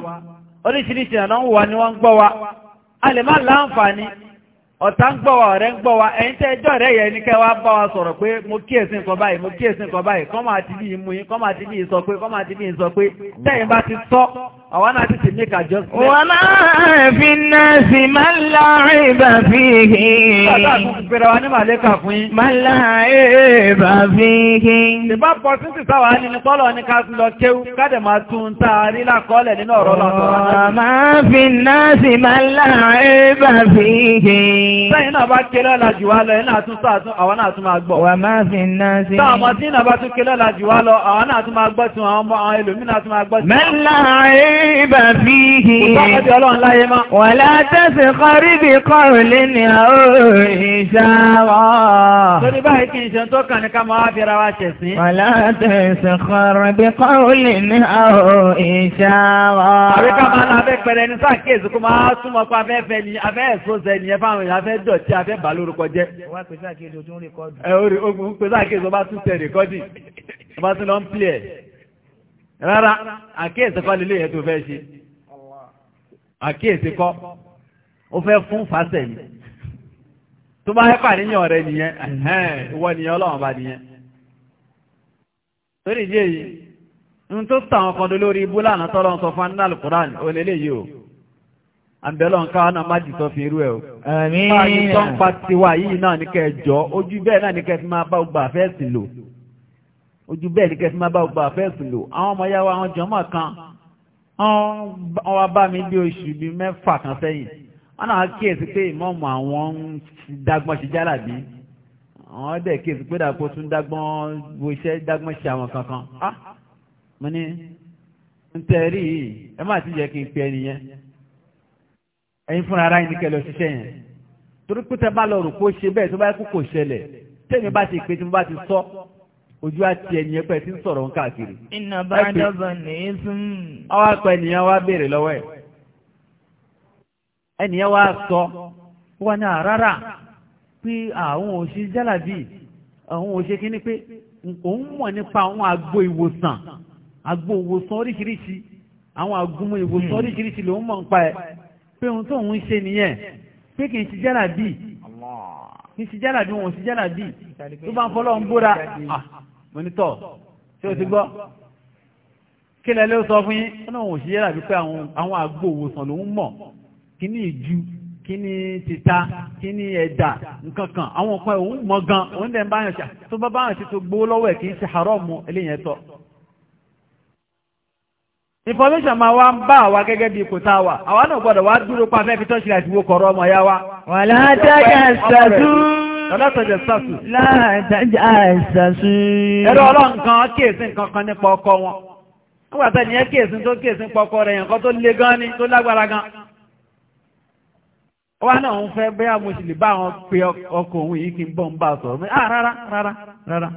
[SPEAKER 2] oríṣiríṣi ni wọ́n ń gbọ́ wá a ọ̀tá ń gbọ́ wa ọ̀rẹ́ ń gbọ́ wa ẹ̀yin tẹ́ ẹjọ́ rẹ̀ yẹ ní kẹwa bá wa sọ̀rọ̀ pé mo kíyèsí nǹkan báyìí mo kíyèsí nǹkan báyìí kọ́mà àti bí i mú yín kọ́mà àti bí i sọ pé kọ́mà àti bí i sọ pé tẹ́yìn bá ti sọ àwọn náà ti ti make adjustment. wọ́n máa fi náà sí máa ń la ìbà
[SPEAKER 1] fi hì. bàbá àtúntò pèrè wa ní màlẹ́kà fún yín. máa ń la ìbà fi hì.
[SPEAKER 2] ìbá pọ̀ sí sì sáwà ní ní pọ́lọ̀ ní ká lọ kéwú káde máa tún tá a rí làkọọ́lẹ̀ nínú ọ̀rọ̀ lọ́tọ̀. wọ́n
[SPEAKER 1] máa fi náà sí máa ń la ìbà fi hì. sẹ́yìn náà bá kéré ọ̀la jù lọ ẹ̀ náà tún àwọn náà tún máa gbọ́. wọ́n máa fi náà sí. táwọn ọmọ tí náà rìbà bí i. Wà látẹ́sì kọrí bí kọrùn lé ní ìṣàwọ̀. ìṣàwọ̀. Àbí
[SPEAKER 2] ká máa náà fẹ́ pẹ̀rẹ̀ ní sáàkéèsì kó máa súnmọ́ ẹ fáwọn èèyàn afẹ́ dọ̀tí afẹ́ bà lórúkọ jẹ́.
[SPEAKER 4] Wà pèsè àkéèsì ojú ń
[SPEAKER 2] rìkọ́dì rárá àkíyèsí kọ́ lílé yẹn tó fẹ́ ṣe àkíyèsí kọ́ ó fẹ́ fún fàṣẹ ni tó bá yẹ pàdéyàn rẹ nìyẹn ìwọ nìyẹn ọlọ́run bá nìyẹn torí ìdí èyí ń tó tàn ọkàn lórí ibú lánàá tọ́lọ́ sọ fún anílà alukuran òun eléyìí o àbẹ̀lọ́ nǹkan ọ̀nà má jìtọ́ fi irú ẹ̀ o àmín báyìí tó ń pa tiwa yìí náà ní kẹjọ ojú bẹ́ẹ̀ náà ní kẹ ojú bẹ́ẹ̀ ní kẹfí máa bá gbà fẹ́ẹ̀sì lò àwọn ọmọ yáwó àwọn jọmọ̀ kan wọ́n wá bá mi bí oṣù bí mẹ́fà kan sẹ́yìn wọ́n náà kíyèsí pé ìmọ̀ọ̀mọ̀ àwọn dágbọ́n ṣe jálàbí àwọn dẹ̀ kíyèsí pé dàpọ̀ tún dágbọ́n wo iṣẹ́ dágbọ́n ṣe àwọn kankan ah mo ní ń tẹ̀rí ẹ má ti yẹ kí n pe ẹni yẹn ẹ̀yin fúnra ara yín ní kẹlẹ́ òṣìṣẹ́ yẹn torí pé tẹ bá lọ rò pé ó ṣe bẹ́ẹ̀ tó bá yẹ kó kò ṣẹlẹ̀ tẹ́mi bá ti pè tí mo bá ti sọ ojú àti ẹni ẹgbẹ́ tí ń sọ̀rọ̀ ń káàkiri.
[SPEAKER 1] iná bá dábà ní ìsún. ọwọ́ apẹ
[SPEAKER 2] ènìyàn wá béèrè lọ́wọ́ ẹ̀. ẹnìyàn wá sọ
[SPEAKER 3] wọn náà rárá
[SPEAKER 2] pé àwọn ò ṣe jálàbí àwọn ò ṣe kíní pé òun mọ̀ nípa àwọn àgbo ìwòsàn àgbo ìwòsàn oríṣiríṣi àwọn àgúnmu ìwòsàn hmm. oríṣiríṣi ló ń mọ̀ nípa ẹ̀ pé ohun tó ń ṣe nìyẹn pé kì í ṣe jálàbí kì í ṣe jálàbí wọn ò ṣe jálàbí tó bá ń fọlọ́ ń bóra mo ní o ti gbọ́ kí lẹ ló sọ fún yín wọn ò ṣe yára wípé àwọn àgbo òwòsàn ló ń mọ̀ kí ní ìju kí ní títà kí ní ẹ̀dà nǹkan kan àwọn nǹkan òun mọ̀ gan òun dẹ̀ ń bá yàn tó bá bá yàn ṣe tó gbowó lọ́wọ́ ẹ̀ kì í ṣe àárọ̀ eléyẹn tọ̀ information ma wa ń bá wa gẹ́gẹ́ bí ipò tá a wà àwa náà gbọ́dọ̀ wá dúró pa fẹ́ fi tọ́ṣìlẹ̀ àti wo kọ̀ọ̀rọ̀ ọmọ ya wa. wàlá dákà sàdúró. Ọlọ́tọ̀jẹ̀ sàṣù. Láàtàjà
[SPEAKER 1] àìsàṣù. Ẹ̀rọ ọlọ́run
[SPEAKER 2] kíyèsí nǹkan kan nípa ọkọ wọn. Nígbà tẹ́ nìyẹn kíyèsí tó kíyèsí pa ọkọ rẹ̀ yẹn kan tó le gan ni tó lágbára gan. Ó wá náà ń fẹ́ bẹ́yà mo sì bá àwọn pe ọkọ òun yìí kí n bọ́ ń bá sọ̀rọ̀. À rárá rárá rárá.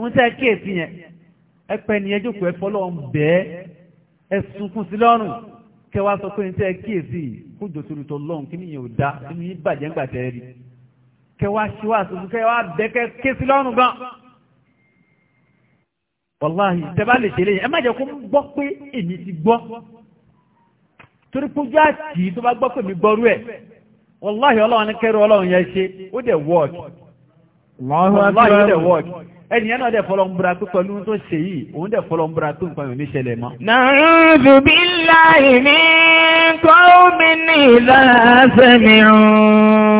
[SPEAKER 2] Ń tẹ́ kíyèsí yẹn. Ẹ pẹ́ nìyẹn jókòó ẹ fọlọ́run bẹ́ẹ̀. Ẹ sunkún sí lọ́rùn. Kẹ sọ pé ń tẹ́ kíyèsí kó jòsòrò tó lọ́run kí nìyẹn ò dá. Inú yín bàjẹ́ ńgbà tẹ́ rí kẹwàá ṣíwá àtúntò kẹwàá bẹ́kẹ́ ké sí lọ́rùn gan. wàláhì tẹ́bá lè ṣe léyìn ẹ má jẹ́ kó gbọ́ pé èmi ti gbọ́ torí pójú àti tó bá gbọ́ pé mi gbọ́rú ẹ̀ wàláhì ọlọ́run ní kẹrù ọlọ́run yẹn ṣe ó dẹ̀ wọ́ọ̀d wàláhì ó dẹ̀ wọ́ọ̀d ẹnìyẹn náà dẹ̀ fọlọ́ ń búra pé pẹ̀lú tó ṣe yìí òun dẹ̀ fọlọ́ ń búra pé nǹkan yóò ní ṣẹlẹ̀ mọ́.
[SPEAKER 1] nàrúdù bí kọ́ mi ní ìlànà sẹ́mi rún.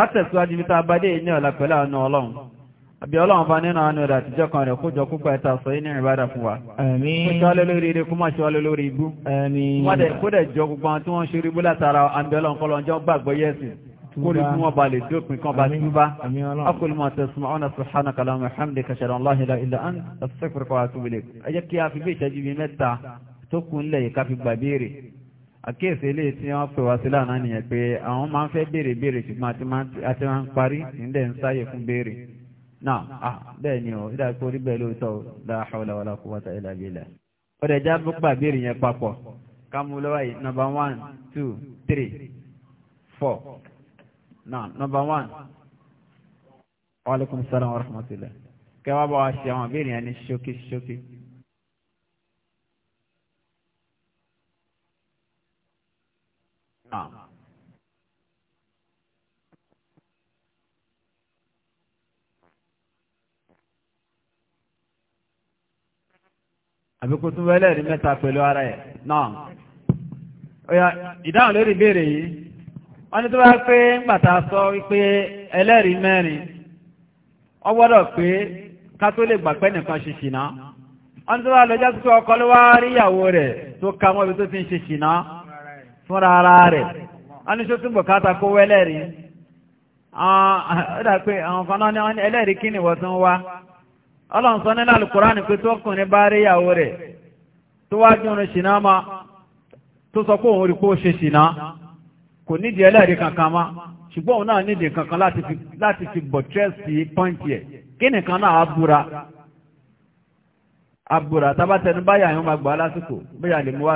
[SPEAKER 2] àtẹ̀síwájú bí tàbádé ní ọ̀la pẹ̀lú àánú ọlọ́run àbí ọlọ́run bá nínú àánú rẹ̀ àtijọ́ kan rẹ̀ kójọ púpọ̀ ẹ̀ta sọ ní ìbádà fún wa kójọ́lé lórí ire kó má ṣe wálé lórí ibú kódẹ̀ jọ gbogbo àwọn tí wọ́n ṣe rí bú látara àbí ọlọ́run kọlọ́njọ́ gbàgbọ́ yẹ́sì kórí fún wọn lè dópin kan bá túbá akólúmọ̀ tẹ̀sùmọ̀ ọ̀nà sọ̀hánà kalamu àkíyèsí ilé tí wọ́n pè wá sí lánàá nìyẹn pé àwọn máa ń fẹ́ béèrè béèrè ṣùgbọ́n àti máa ń parí nílẹ̀ ń sáyè fún béèrè náà ah bẹ́ẹ̀ ni o ìdá kó rí bẹ́ẹ̀ lóòótọ́ o la hawla wala quwwata illa billah. ó dẹ̀ já gbogbo àbèrè yẹn papọ̀ kámú lọ́wọ́ yìí nọmba one two three four náà nọmba one wa alaikum salaam wa rahmatullah kẹwàá bá wa ṣe àwọn àbèrè yẹn ní ṣókí ṣókí. نعم àbíkú tún wẹ́lẹ̀ rí ara ẹ náà ọ̀yà ìdáhùn lórí ìbéèrè yìí wọ́n ní tó bá pé ńgbàtà sọ wípé ẹlẹ́rìí mẹrin, ọ gbọ́dọ̀ pé ká tó lè gbà nìkan ṣe ṣìná wọ́n ní tó bá lọ jásí ọkọ ló wá rí ìyàwó rẹ̀ tó ka mọ́ ibi tó ti ń ṣe ṣìná fúnra ara rẹ̀ wọ́n ní sọ́tún bùkátà kó wẹ́lẹ́rìí ọ̀dà náà kí ni wọ́n tún wá ọlọ́run sọ nínú alukùránì pé bá rí ìyàwó rẹ̀ tó wá ma tó sọ pé òun rí kó ṣe ṣìnà kankan ma ṣùgbọ́n òun náà kankan láti fi pọ́ǹtì ẹ̀ kí nìkan náà yóò máa bóyá lè mú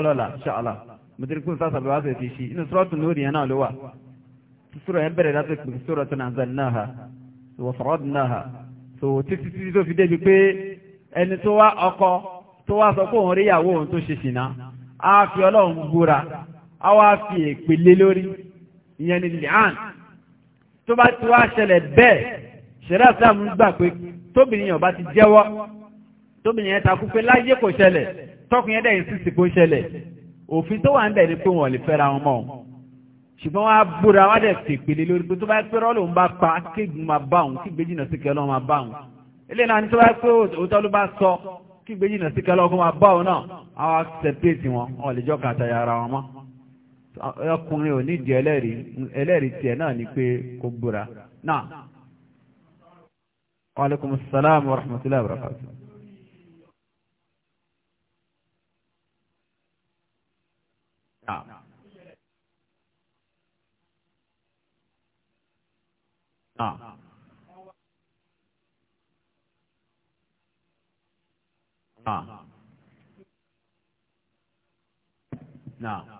[SPEAKER 2] mọ̀tẹ́rìkún sásàbẹ̀ wá sẹ̀fì sí inú sọ́ọ̀tún lórí yẹn náà ló wà sọ́rọ̀ yẹn bẹ̀rẹ̀ láti pè sọ́rọ̀ tó náà zan náà ha wọ́n sọ̀rọ̀ náà ha so títí títí tó fi débi pé ẹni tó wá ọkọ tó wá sọ pé òun rí ìyàwó òun tó ṣe ṣìnà á fi ọlọ́run búra á wá fi èpè lórí ìyẹn ni lian tó bá ti wá ṣẹlẹ̀ bẹ́ẹ̀ ṣẹlẹ̀ sáàmù gbà pé tóbìnrin yẹn ò ti jẹ́wọ́ tóbìnrin yẹn takú pé láyé kò ṣẹlẹ̀ tọkùnrin yẹn dẹ̀ yìí sì sì kò ṣẹlẹ̀ òfin tó wà ń bẹ̀ ni pé wọ́n lè fẹ́ra wọn mọ́ ṣùgbọ́n wọ́n á búra wọ́n á dẹ̀ tèpele lórí pé tó bá pẹ́ rọ́ọ̀lù ń bá pa kéègùn máa bá òun kí gbéjìnà sí kẹlọ́ máa bá òun eléyìí náà ni tó bá pẹ́ òótọ́ ló bá sọ kí gbéjìnà sí kẹlọ́ kó máa bá òun náà àwọn sẹpẹ́ẹ̀tì wọn wọn lè jọ kàtà yàrá wọn mọ́ ọkùnrin ò nídìí ẹlẹ́rìí ẹlẹ́rìí tiẹ̀ náà ni pé kó Now.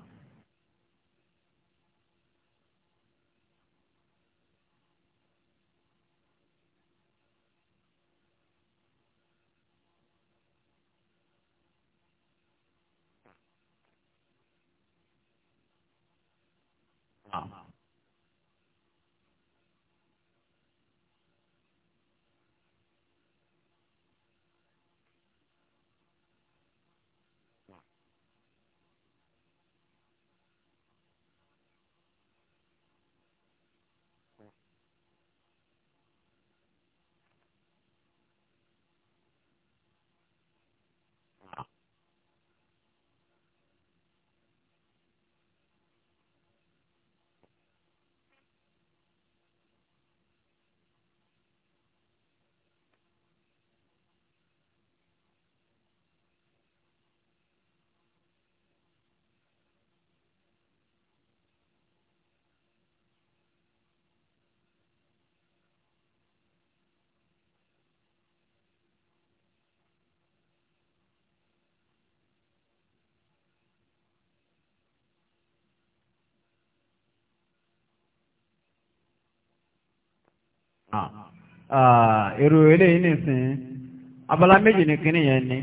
[SPEAKER 2] èrò eléyìí nìsín abala méjì ní kíní yẹn ni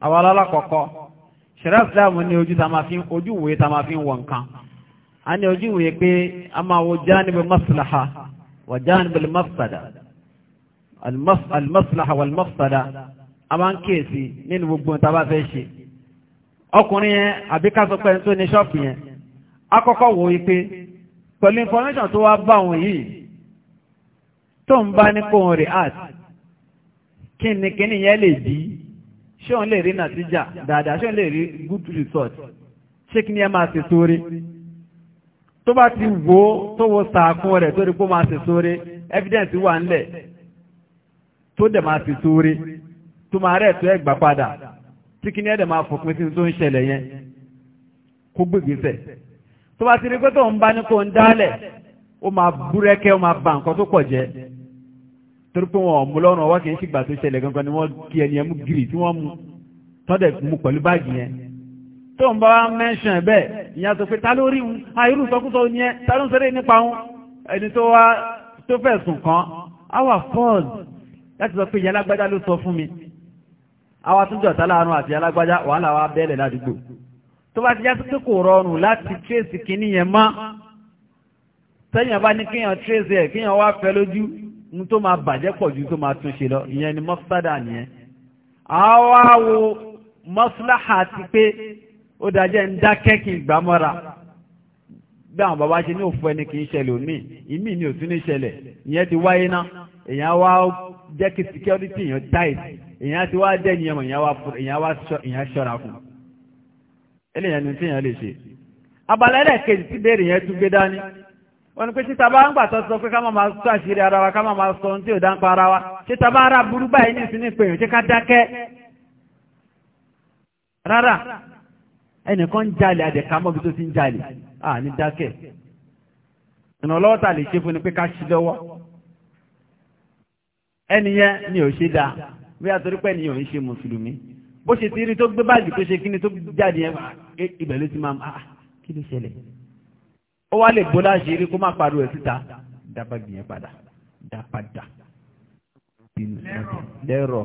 [SPEAKER 2] abala alákọ̀ọ́kọ́ ṣẹ̀rẹ́ ìsìláàmù ní ojú ìwòye tá máa fi ń wọ nǹkan a ní ojú ìwòye pé a máa wo jáníbi maslaha wà jáníbi mafsada almaslaha wal mafsada a máa ń kíyèsí nínú gbogbo tá a bá fẹ́ ṣe ọkùnrin yẹn àbí ká sọ pé tó ní ṣọ́ọ̀pù yẹn akọ́kọ́ wò wípé pẹ̀lú information tó wá bá òun yìí
[SPEAKER 3] tó ń bá ní kóhun rè art
[SPEAKER 2] kí ni kí nìyẹn lè bí ṣé òun lè rí nàtíjà dáadáa ṣé òun lè rí good result ṣé kí ni ẹ máa ṣe sóore tó bá ti wò ó tó wo sàákún rẹ̀ tó rí pé máa ṣe sóore evidence wà ńlẹ̀ tó dẹ̀ máa ṣe sóore tó máa rẹ̀ tó ẹ̀ gbà padà tí kí ni ẹ̀dẹ̀ máa fòpin sí tó ń ṣẹlẹ̀ yẹn kó gbégbèsẹ̀ tó bá ti rí pé tó ń bá ní kó ń dálẹ̀ ó máa búrẹ́kẹ́ ó máa bà nǹkan tó pọ̀ jẹ́ torí pé wọn mú lọ́rùn ọwọ́ kìí ṣìgbà tó ṣẹlẹ̀ gangan ni wọ́n kí ẹni ẹmú gírì tí wọ́n mú tọ́dẹ̀ mú pẹ̀lú báàgì yẹn tó ń bá mẹ́ṣàn ẹ̀ bẹ́ẹ̀ ìyá sọ pé ta ló rí un àìrù sọkúsọ ni ẹ ta ló ń sọ̀rọ̀ nípa un ẹni tó wá tó fẹ̀sùn kan àwa fọ́ọ̀d láti sọ pé ìyá alágbájá ló sọ fún mi àwa tún jọ̀tá láàánú àti alágbájá wàhálà wa bẹ́ẹ̀lẹ̀ ládùúgbò tó bá ti já tó kò rọrùn láti tírèsì kìíní yẹn mọ́ sẹ́yìn bá ní kíyàn tírèsì ẹ̀ kíyàn wá fẹ́ lójú ń tó máa bàjẹ́ pọ̀ ju tó máa tún ṣe lọ ìyẹn ni mọ́sádà nìyẹn àwa wo mọ́síláhà ti pé ó dájẹ́ ń dákẹ́ kí n gbà mọ́ra bí àwọn bàbá ṣe ní òfu ẹni kì í ṣẹlẹ̀ ni ò tún ní ṣẹlẹ̀ ìyẹn ti wáyé ná wá jẹ́ kí security èèyàn tight èèyàn ti wá dẹ́ ìyẹn mọ̀ èèyàn wá ṣọ́ra fún eléyàn ni tí lè ṣe tí béèrè yẹn tún gbé dání wọ́n pé títa bá ń gbàtọ́ sọ pé ká máa máa sọ àṣírí ara wa ká máa máa sọ ohun tí ò dá ń pa ara wa títa bá ara burú báyìí ní ìsinmi pé èèyàn tí ká dákẹ́ rárá ẹnìkan ń jalè àdẹ̀ká mọ́bi tó ti ń jalè à ní dákẹ́ ìrànlọ́wọ́ tà lè ṣe fún ni pé ká ṣí lọ́wọ́ ẹnìyẹn ni ò ṣe dáa bí a torí pé ẹnìyẹn ò ń ṣe mùsùlùmí bó ṣe ti rí tó gbé báàgì tó ṣe kíni tó jáde yẹn ibẹ̀ ló ti máa kí ó wá lè bó láṣìírí kó má pariwo ẹ̀ síta dábàgbì yẹn padà dápadà lẹ́rọ̀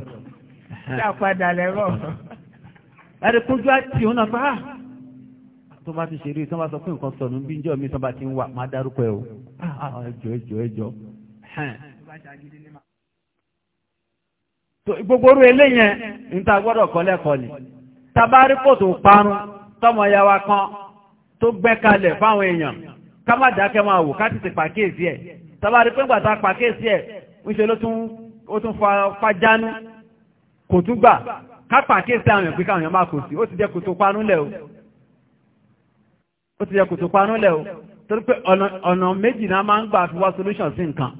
[SPEAKER 2] dápadà lẹ́rọ̀ ẹ̀rẹ̀ kójú àti òun náà ti ah! tó bá ti ṣe rí tó sọ pé nǹkan sọnù bí njọ́ mi tó ti ń wà má dárúkọ o ah, ah, ẹjọ́ ẹjọ́ ẹjọ́ gbogbo orú eléyẹn níta gbọ́dọ̀ kọ́ ni tabarí kò tó parun tọmọ ya wa kan tó gbẹ́kalẹ̀ fáwọn ká má dákẹ́ máa wò ká ti ti pàkíyèsí ẹ̀ tàbárí pé ńgbà tá a pàkíyèsí ẹ̀ ńṣe ló tún ó tún fajánú kò tún gbà ká pàkíyèsí àwọn èèyàn pé káwọn èèyàn máa kò sí ó ti jẹ́ kò tó panú lẹ̀ o ó ti pé ọ̀nà méjì náà máa ń gbà fi wá solution sí nǹkan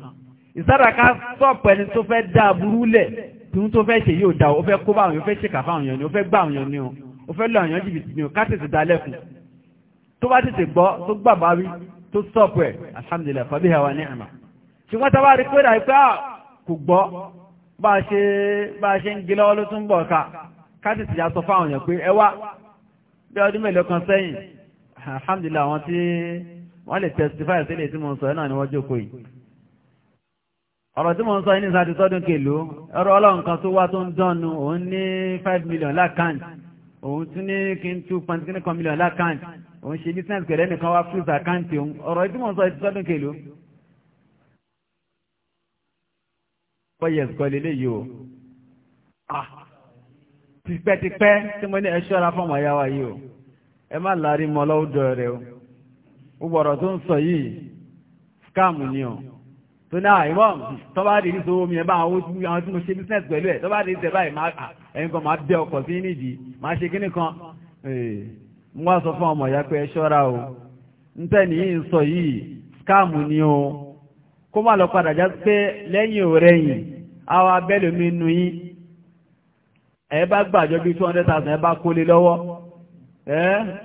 [SPEAKER 2] ìsáraká sọ̀pọ̀ ẹni tó fẹ́ dá burú lẹ̀ tí wọ́n tó fẹ́ ṣe yóò dá ó fẹ́ kó bá àwọn èèyàn fẹ́ ṣèkà fáwọn èèyàn ni ó fẹ́ gbá àwọn èèyàn ni ó fẹ́ lọ àwọn èèyàn jìbìtì ni ó ká tètè tó bá tètè gbọ́ tó gbàgbà wí tó sọ́pù ẹ̀ alhamdulillah fa biha wa ni'ma ṣùgbọ́n tá a bá rí pé àìpẹ́ ah, kò gbọ́ bá a ṣe bá a ṣe ń gbé lọ́wọ́ ló tún bọ̀ ká káàtì yàtọ̀ fáwọn èèyàn pé ẹ bí ọdún mélòó kan sẹ́yìn alhamdulillah àwọn tí wọ́n lè testify sílẹ̀ tí mo ń sọ náà ni wọ́n jókòó yìí ọ̀rọ̀ tí mo ń sọ ní sáti sọ́dún kèlò ẹ̀rọ ọlọ́run kan tó wá tó ń dánnu òun ní 5 million lákàntì òun tún ní kí n 2.3 million lákàntì òun ṣe business kẹ̀lẹ́ nìkan wá fún ìsàkáǹtì òun ọ̀rọ̀ tí mò ń sọ ti sọ́dún kèlò. fọ́yẹ̀ ẹ̀sùkọ́ lélẹ̀ yìí o ah, tipẹ́tipẹ́ tí mo ní ẹ ṣọ́ra fọ́mọ ya wa yìí o ẹ má láàrin mọ́ lọ́wọ́dọ̀ rẹ o gbogbo ọ̀rọ̀ tó ń sọ yìí scam ni o tó náà ìwọ tọ́ba rí sọ omi ẹ̀ bá àwọn tí mo ṣe business pẹ̀lú ẹ̀ tọ́ba rí sẹ́ báyìí ẹ̀yin kan máa bẹ ọkọ̀ sí nídìí máa ṣe kíní kan. mo sọ fún ọmọ ya pé ṣọ́ra o ntẹ́ni yìí ń sọ yìí skáàmù ni o kó má lọ padà já pé lẹ́yìn ò rẹ̀yìn àwọn abẹ́lómi nu yín ẹ bá gbàjọ bíi two hundred thousand ẹ bá kólé lọ́wọ́ ẹ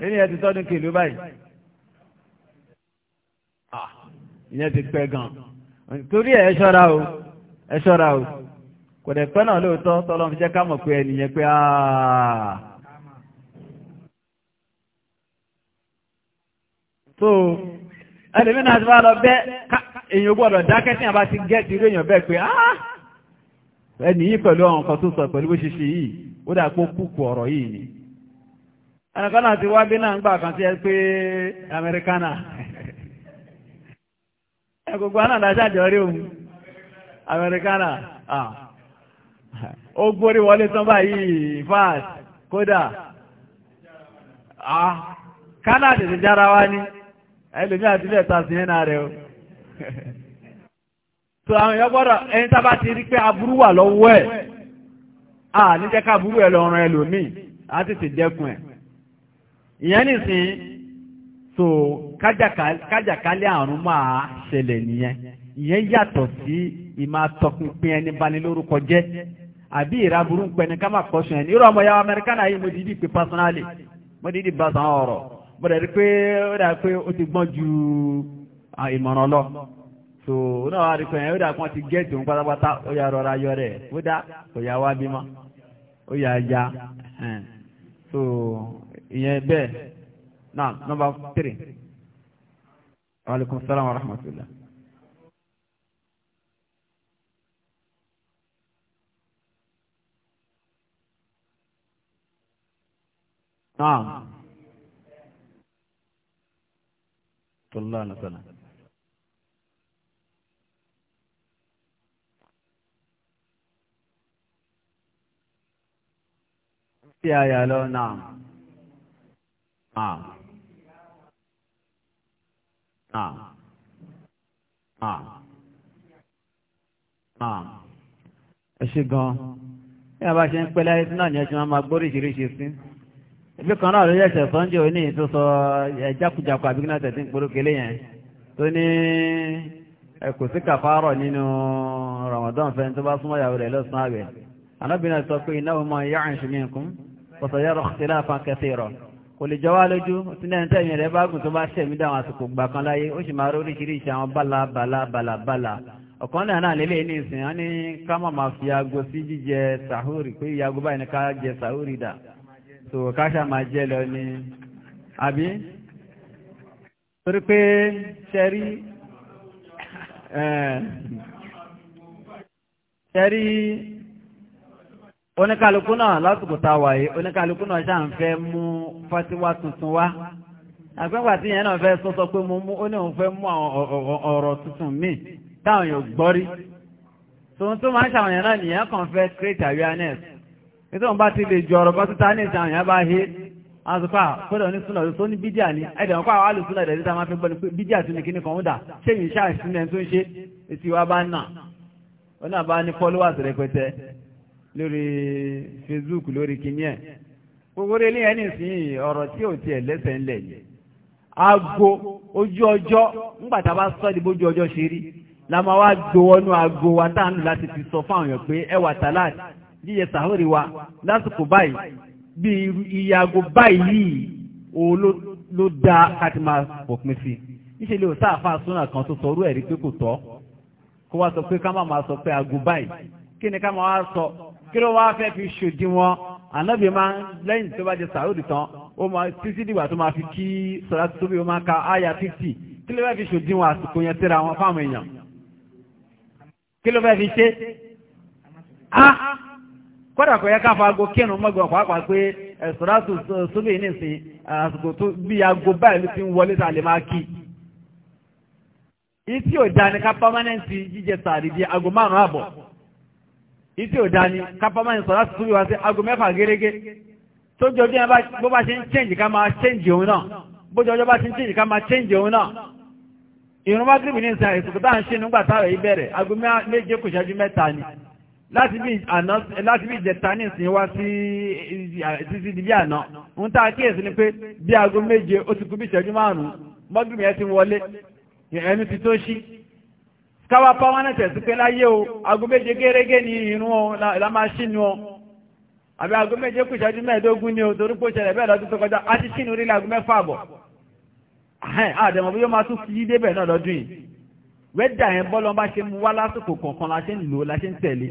[SPEAKER 2] ẹni ẹ ti tọ́dún kìlú
[SPEAKER 3] báyìí
[SPEAKER 2] gan torí ẹ o ẹ ṣọ́ra o kò dẹ̀ pẹ́ náà lóòótọ́ ká mọ̀ pé pé aaa. so ẹlòmínà ti bá lọ bẹ́ èyàn gbọ́dọ̀ dákẹ́ tí a bá ti gẹ́ ti rí èyàn bẹ́ẹ̀ pé ah ẹni yìí pẹ̀lú àwọn kan tó sọ pẹ̀lú bó ṣe ṣe yìí ó dà pé ó kúkú ọ̀rọ̀ yìí ni ẹnìkan náà ti wá bí náà ń gbà kan sí ẹ pé amẹ́ríkánà ẹgbogbo náà dájá jọ rí òun amẹ́ríkánà ó gbórí wọlé tán báyìí fast
[SPEAKER 3] kódà kánà tètè jára wá ní.
[SPEAKER 2] a àdílẹ̀ tàbí ẹ̀nà rẹ̀ o so àwọn èèyàn gbọ́dọ̀ ẹni tábà ti rí pé aburú wà lọ́wọ́ ẹ̀ à ní jẹ́ ká aburú ẹ̀ lọ ran ẹlòmí á ti dẹ́kun ẹ̀ ìyẹn nìsín so kájàkálẹ̀ àrùn máa ṣẹlẹ̀ nìyẹn ìyẹn yàtọ̀ sí ìmá tọpinpin ẹni bani lórúkọ jẹ́ àbí ká má kọ́sùn ẹni irú ọmọ yàwó amẹ́ríkánà yìí mo dìídì bọ̀dẹ̀ rí pé ó dà pé ó ti gbọ́n ju ìmọ̀ràn lọ so náà wá rí pé ó dà kan ti gẹ́ẹ̀tì òun pátápátá ó yà rọra yọ rẹ̀ ó dá kò yà wá bímọ ó yà ya so ìyẹn bẹ́ẹ̀
[SPEAKER 3] náà nọ́mbà tírì
[SPEAKER 2] alaikum salaam wa rahmatullah. Naam. sallallahu alaihi wasallam tí a yà lọ náà
[SPEAKER 3] náà náà náà
[SPEAKER 2] náà ẹ ṣe gan-an bí a bá ṣe ń pẹ́ láyé tí náà ni ẹ ti máa gbóríṣiríṣi sí ibi kan náà ló yẹ̀ṣẹ̀ sọ́njẹ́ òní tó sọ ẹ̀jákujàkọ àbíkínà tẹ̀sí gbórókèlé yẹn tó ní ẹ̀kù sí kàfàárọ̀ nínú Ramadan fẹ́ tó bá súnmọ́ ìyàwó rẹ̀ lọ́sàn àwẹ̀ anábìnrin sọ pé iná ọmọ ìyá àìṣù mi kún pọ̀sọ̀ yẹ́rọ sílẹ̀ àfàn kẹsì rọ̀ kò lè jọ wá lójú tí náà ń tẹ̀yìn rẹ̀ bá gùn tó bá ṣẹ̀mí dáwọn àsìkò gbà kan láyé ó sì máa róríṣiríṣi àwọn bálá bálá bálá bálá ọ̀kan náà náà lélẹ̀ so káṣà máa jẹ́ lọ ni àbí torí pé ṣẹ́rí eh, ṣẹ́rí oníkàlùkù náà lásìkò tá a wà yìí oníkàlùkù náà ṣáà ń fẹ́ mú fásiwá tuntun wá àgbẹ́gbà tí yẹn náà fẹ́ sọ́sọ́ pé mo mú ó ní òun fẹ́ mú àwọn ọ̀rọ̀ tuntun míì táwọn yóò gbọ́rí tòun tó máa ń ṣàwọn yẹn náà nìyẹn kàn fẹ́ create awareness e wọn bá ti lè ju ọ̀rọ̀ kan títa ní ìjà àyàn bá he àtùpà fẹ́rẹ̀ onísúnà tó ní bídíà ní ẹ̀dẹ̀wọ̀n kọ́ àwọn alùsúnà ìdẹ̀dẹ̀ tá máa fi gbọ́ni pé bídíà tún ní kíní kan ó dà ṣé yìí ṣáà sí ẹni tó ń ṣe etí wa bá nà wọn náà bá ní followers rẹpẹtẹ lórí Facebook lórí kíní a bá sọ́ di bójú ọjọ́ ṣe rí la máa wá gbowọ́nú aago jíjẹ sàhórì wa lásìkò báyìí bí ìyàgò báyìí òun ló dá káti máa pòpin sí níṣẹ́ lè sáàfà súnà kan tó sọ orú ẹ̀rí pé kò tọ́ kó wá sọ pé ká má máa sọ pé àgò báyìí kí ni ká máa sọ kí ló wá fẹ́ fi ṣòdiwọ̀n ànábì máa ń lẹ́yìn tó bá jẹ sàhórì tán ó máa títí dìgbà tó máa fi kí sọ̀rọ̀ tó bí ó máa ka áyà fífì kí ló fẹ́ fi ṣòdiwọ̀n àsìkò yẹn síra wọn fáwọn èèyàn kí ló fẹ́ fi ṣe kọ́dà kò yẹ ká fagbó kírun mọ́gbọ̀n pàápàá pé ẹ̀sùrátù sóbì ní ìsìn àsìkò tó bí aago báyìí ti ń wọlé tàlẹ́ máa kí ìtí ò ká pámánẹ́ǹtì jíjẹ sàárì di aago márùn-ún àbọ̀ ìtí ò ká pámánẹ́ǹtì sọ̀rọ̀ láti wá sí mẹ́fà tójú bó bá ṣe ń chẹ́ǹjì ká máa chẹ́ǹjì òun náà bójú ọjọ́ bá ṣe ń chẹ́ǹjì ká máa chẹ́ǹjì òun náà ní ìsìn ń ni láti bí àná láti bí ìjẹta ní ìsìn wá sí títí di bí àná ń tá àkíyèsí ni pé bí aago méje ó ti kú bí ìṣẹ́jú márùn-ún mọ́gbìmí ẹ ti wọlé ẹnu ti tó ṣí káwá pàmánẹ̀tì ẹ̀sùn pé láyé o aago méje gẹ́gẹ́ ní irun o la máa ṣínú o àbí aago méje kù ìṣẹ́jú mẹ́ẹ̀ẹ́dógún ni o torí pé ó ṣẹlẹ̀ bẹ́ẹ̀ lọ́dún tó kọjá a ti ṣínú orílẹ̀ aago mẹ́fà àbọ̀ àdẹ̀mọ̀ bí yóò máa tún fi débẹ̀ náà lọ́dún yìí wẹ́dà yẹn bọ́lọ́ bá ṣe mú wá lásìkò kọ̀ọ̀kan la ṣe ń lò la ṣe ń tẹ̀lé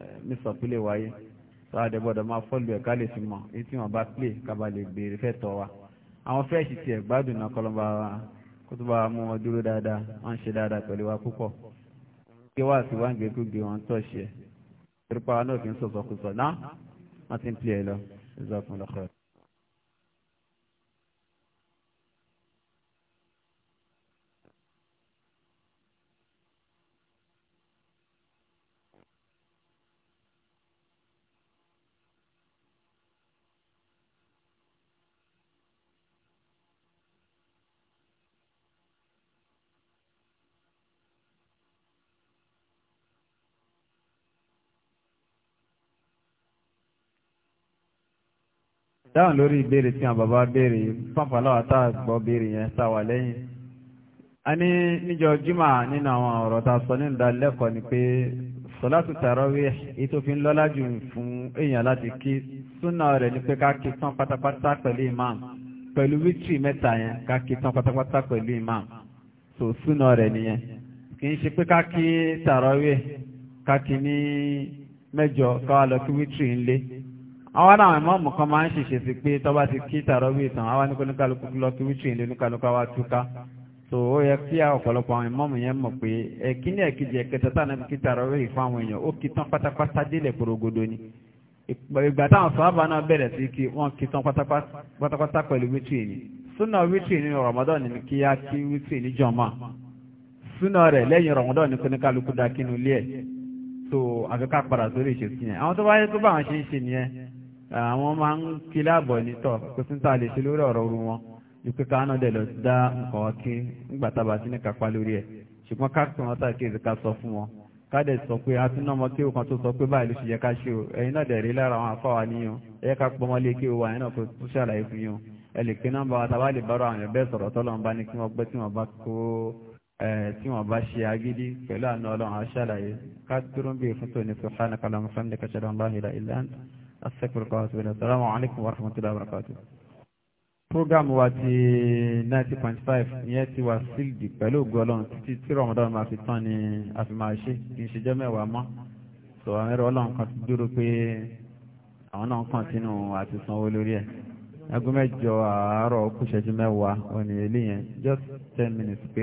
[SPEAKER 2] nísọ̀pílẹ̀ wáyé sáàdẹ̀ gbọ́dọ̀ máa fọ́lù ẹ̀ ká lè fi mọ̀ èyí tí wọ́n bá pè kábà lè béèrè fẹ́ tọ́ wa àwọn fẹ́ẹ̀sì tiẹ̀ gbádùn náà kọlọ́ba wa kó tó bá wa mú wọn dúró dáadáa wọ́n ń ṣe dáadáa pẹ̀lú wa púpọ̀ gé wá sí wáǹgbé kúgbé wọn tọ́ ṣe torípa wa náà fi ń sọ̀sọ̀kùsọ̀ náà wọ́n ti ń pilẹ̀ lọ ìzọ́kùn dáhùn lórí ìbéèrè tí àwọn bàbá béèrè pàpàláwà tá a gbọ́ béèrè yẹn tá a wà lẹ́yìn. a ní níjọ́ jimá nínú àwọn ọ̀rọ̀ tá a sọ nínú ìdálẹ́kọ̀ọ́ ni pé sọ́látù tarawih ètò fi ń lọ́lá jù fún èèyàn láti kí súnà rẹ̀ ni pé ká kí tán pátápátá pẹ̀lú imam pẹ̀lú wítìrì mẹ́ta yẹn ká kí tán pátápátá pẹ̀lú imam so súnà rẹ̀ nìyẹn kì í ṣe pé ká kí tarawih ká kí ní mẹ́jọ ká lọ kí wítìrì ńlé àwọn àwọn ìmọ̀ọ̀mù kan máa ń ṣèṣe sí pé tó bá ti kí tàrọ́wì ìtàn àwọn oníkálukú lọ kí wíṣù ìlú oníkálukú wá túká so ó yẹ kí ọ̀pọ̀lọpọ̀ àwọn ìmọ̀ọ̀mù yẹn mọ̀ pé ẹ̀kíní ẹ̀kejì ẹ̀kẹta tánà kí tàrọ́wì ìfún àwọn èèyàn ó kí tán pátápátá délẹ̀ porogodo ni ìgbà táwọn sọ́ábà náà bẹ̀rẹ̀ sí kí wọ́n kí tán pátápátá pẹ̀lú wíṣù ìní súnà wíṣù ìní Ramadan ni kí á kí wíṣù ìní jọmọ́ súnà rẹ̀ lẹ́yìn Ramadan ni kóníkálukú dákínú ilé ẹ̀ so àfikà padà sórí ìṣesí yẹn àwọn tó bá yẹ tó bá àwọn ṣe ń ṣe nìyẹn àwọn máa ń kí láàbọ̀ nítọ̀ kò sí tàà lè ṣe lórí ọ̀rọ̀ orú wọn ìpé káánà dẹ̀ lọ dá nǹkan kí ńgbàtàbà sí ní kápá lórí ẹ̀ ṣùgbọ́n káàkiri wọn sáà kéèzì ká sọ fún wọn káàdẹ̀ sọ pé a tún náà kí òkan tó sọ pé báyìí ló ṣe yẹ ká ṣe o ẹ̀yin náà dẹ̀rí lára àwọn afáwa níyàn ẹ̀yẹ ká pọmọ lé kí o wà náà kó tún ṣàlàyé fún tí wọ́n bá ṣe agídí pẹ̀lú àna ọlọ́run aṣàlàyé ká dúró ń bèè fún tòní sọ̀hánà kalamu fámìlì ìlànà Assalamualaikum warahmatullahi wabarakatuh. program wa ti 90.5 ìyẹn ti wà sílìdì pẹ̀lú ògo ọlọ́run títí tí ramadan máa fi tán ni a fi máa ṣe kì í ṣe jẹ́ mẹ́wàá mọ́ sọ àwọn ẹ̀rọ ọlọ́run kan ti dúró pé àwọn náà kàn sínú àti sanwó lórí ẹ̀ aago mẹ́jọ àárọ̀ kù mẹ́wàá òní eléyẹn just ten minutes pé.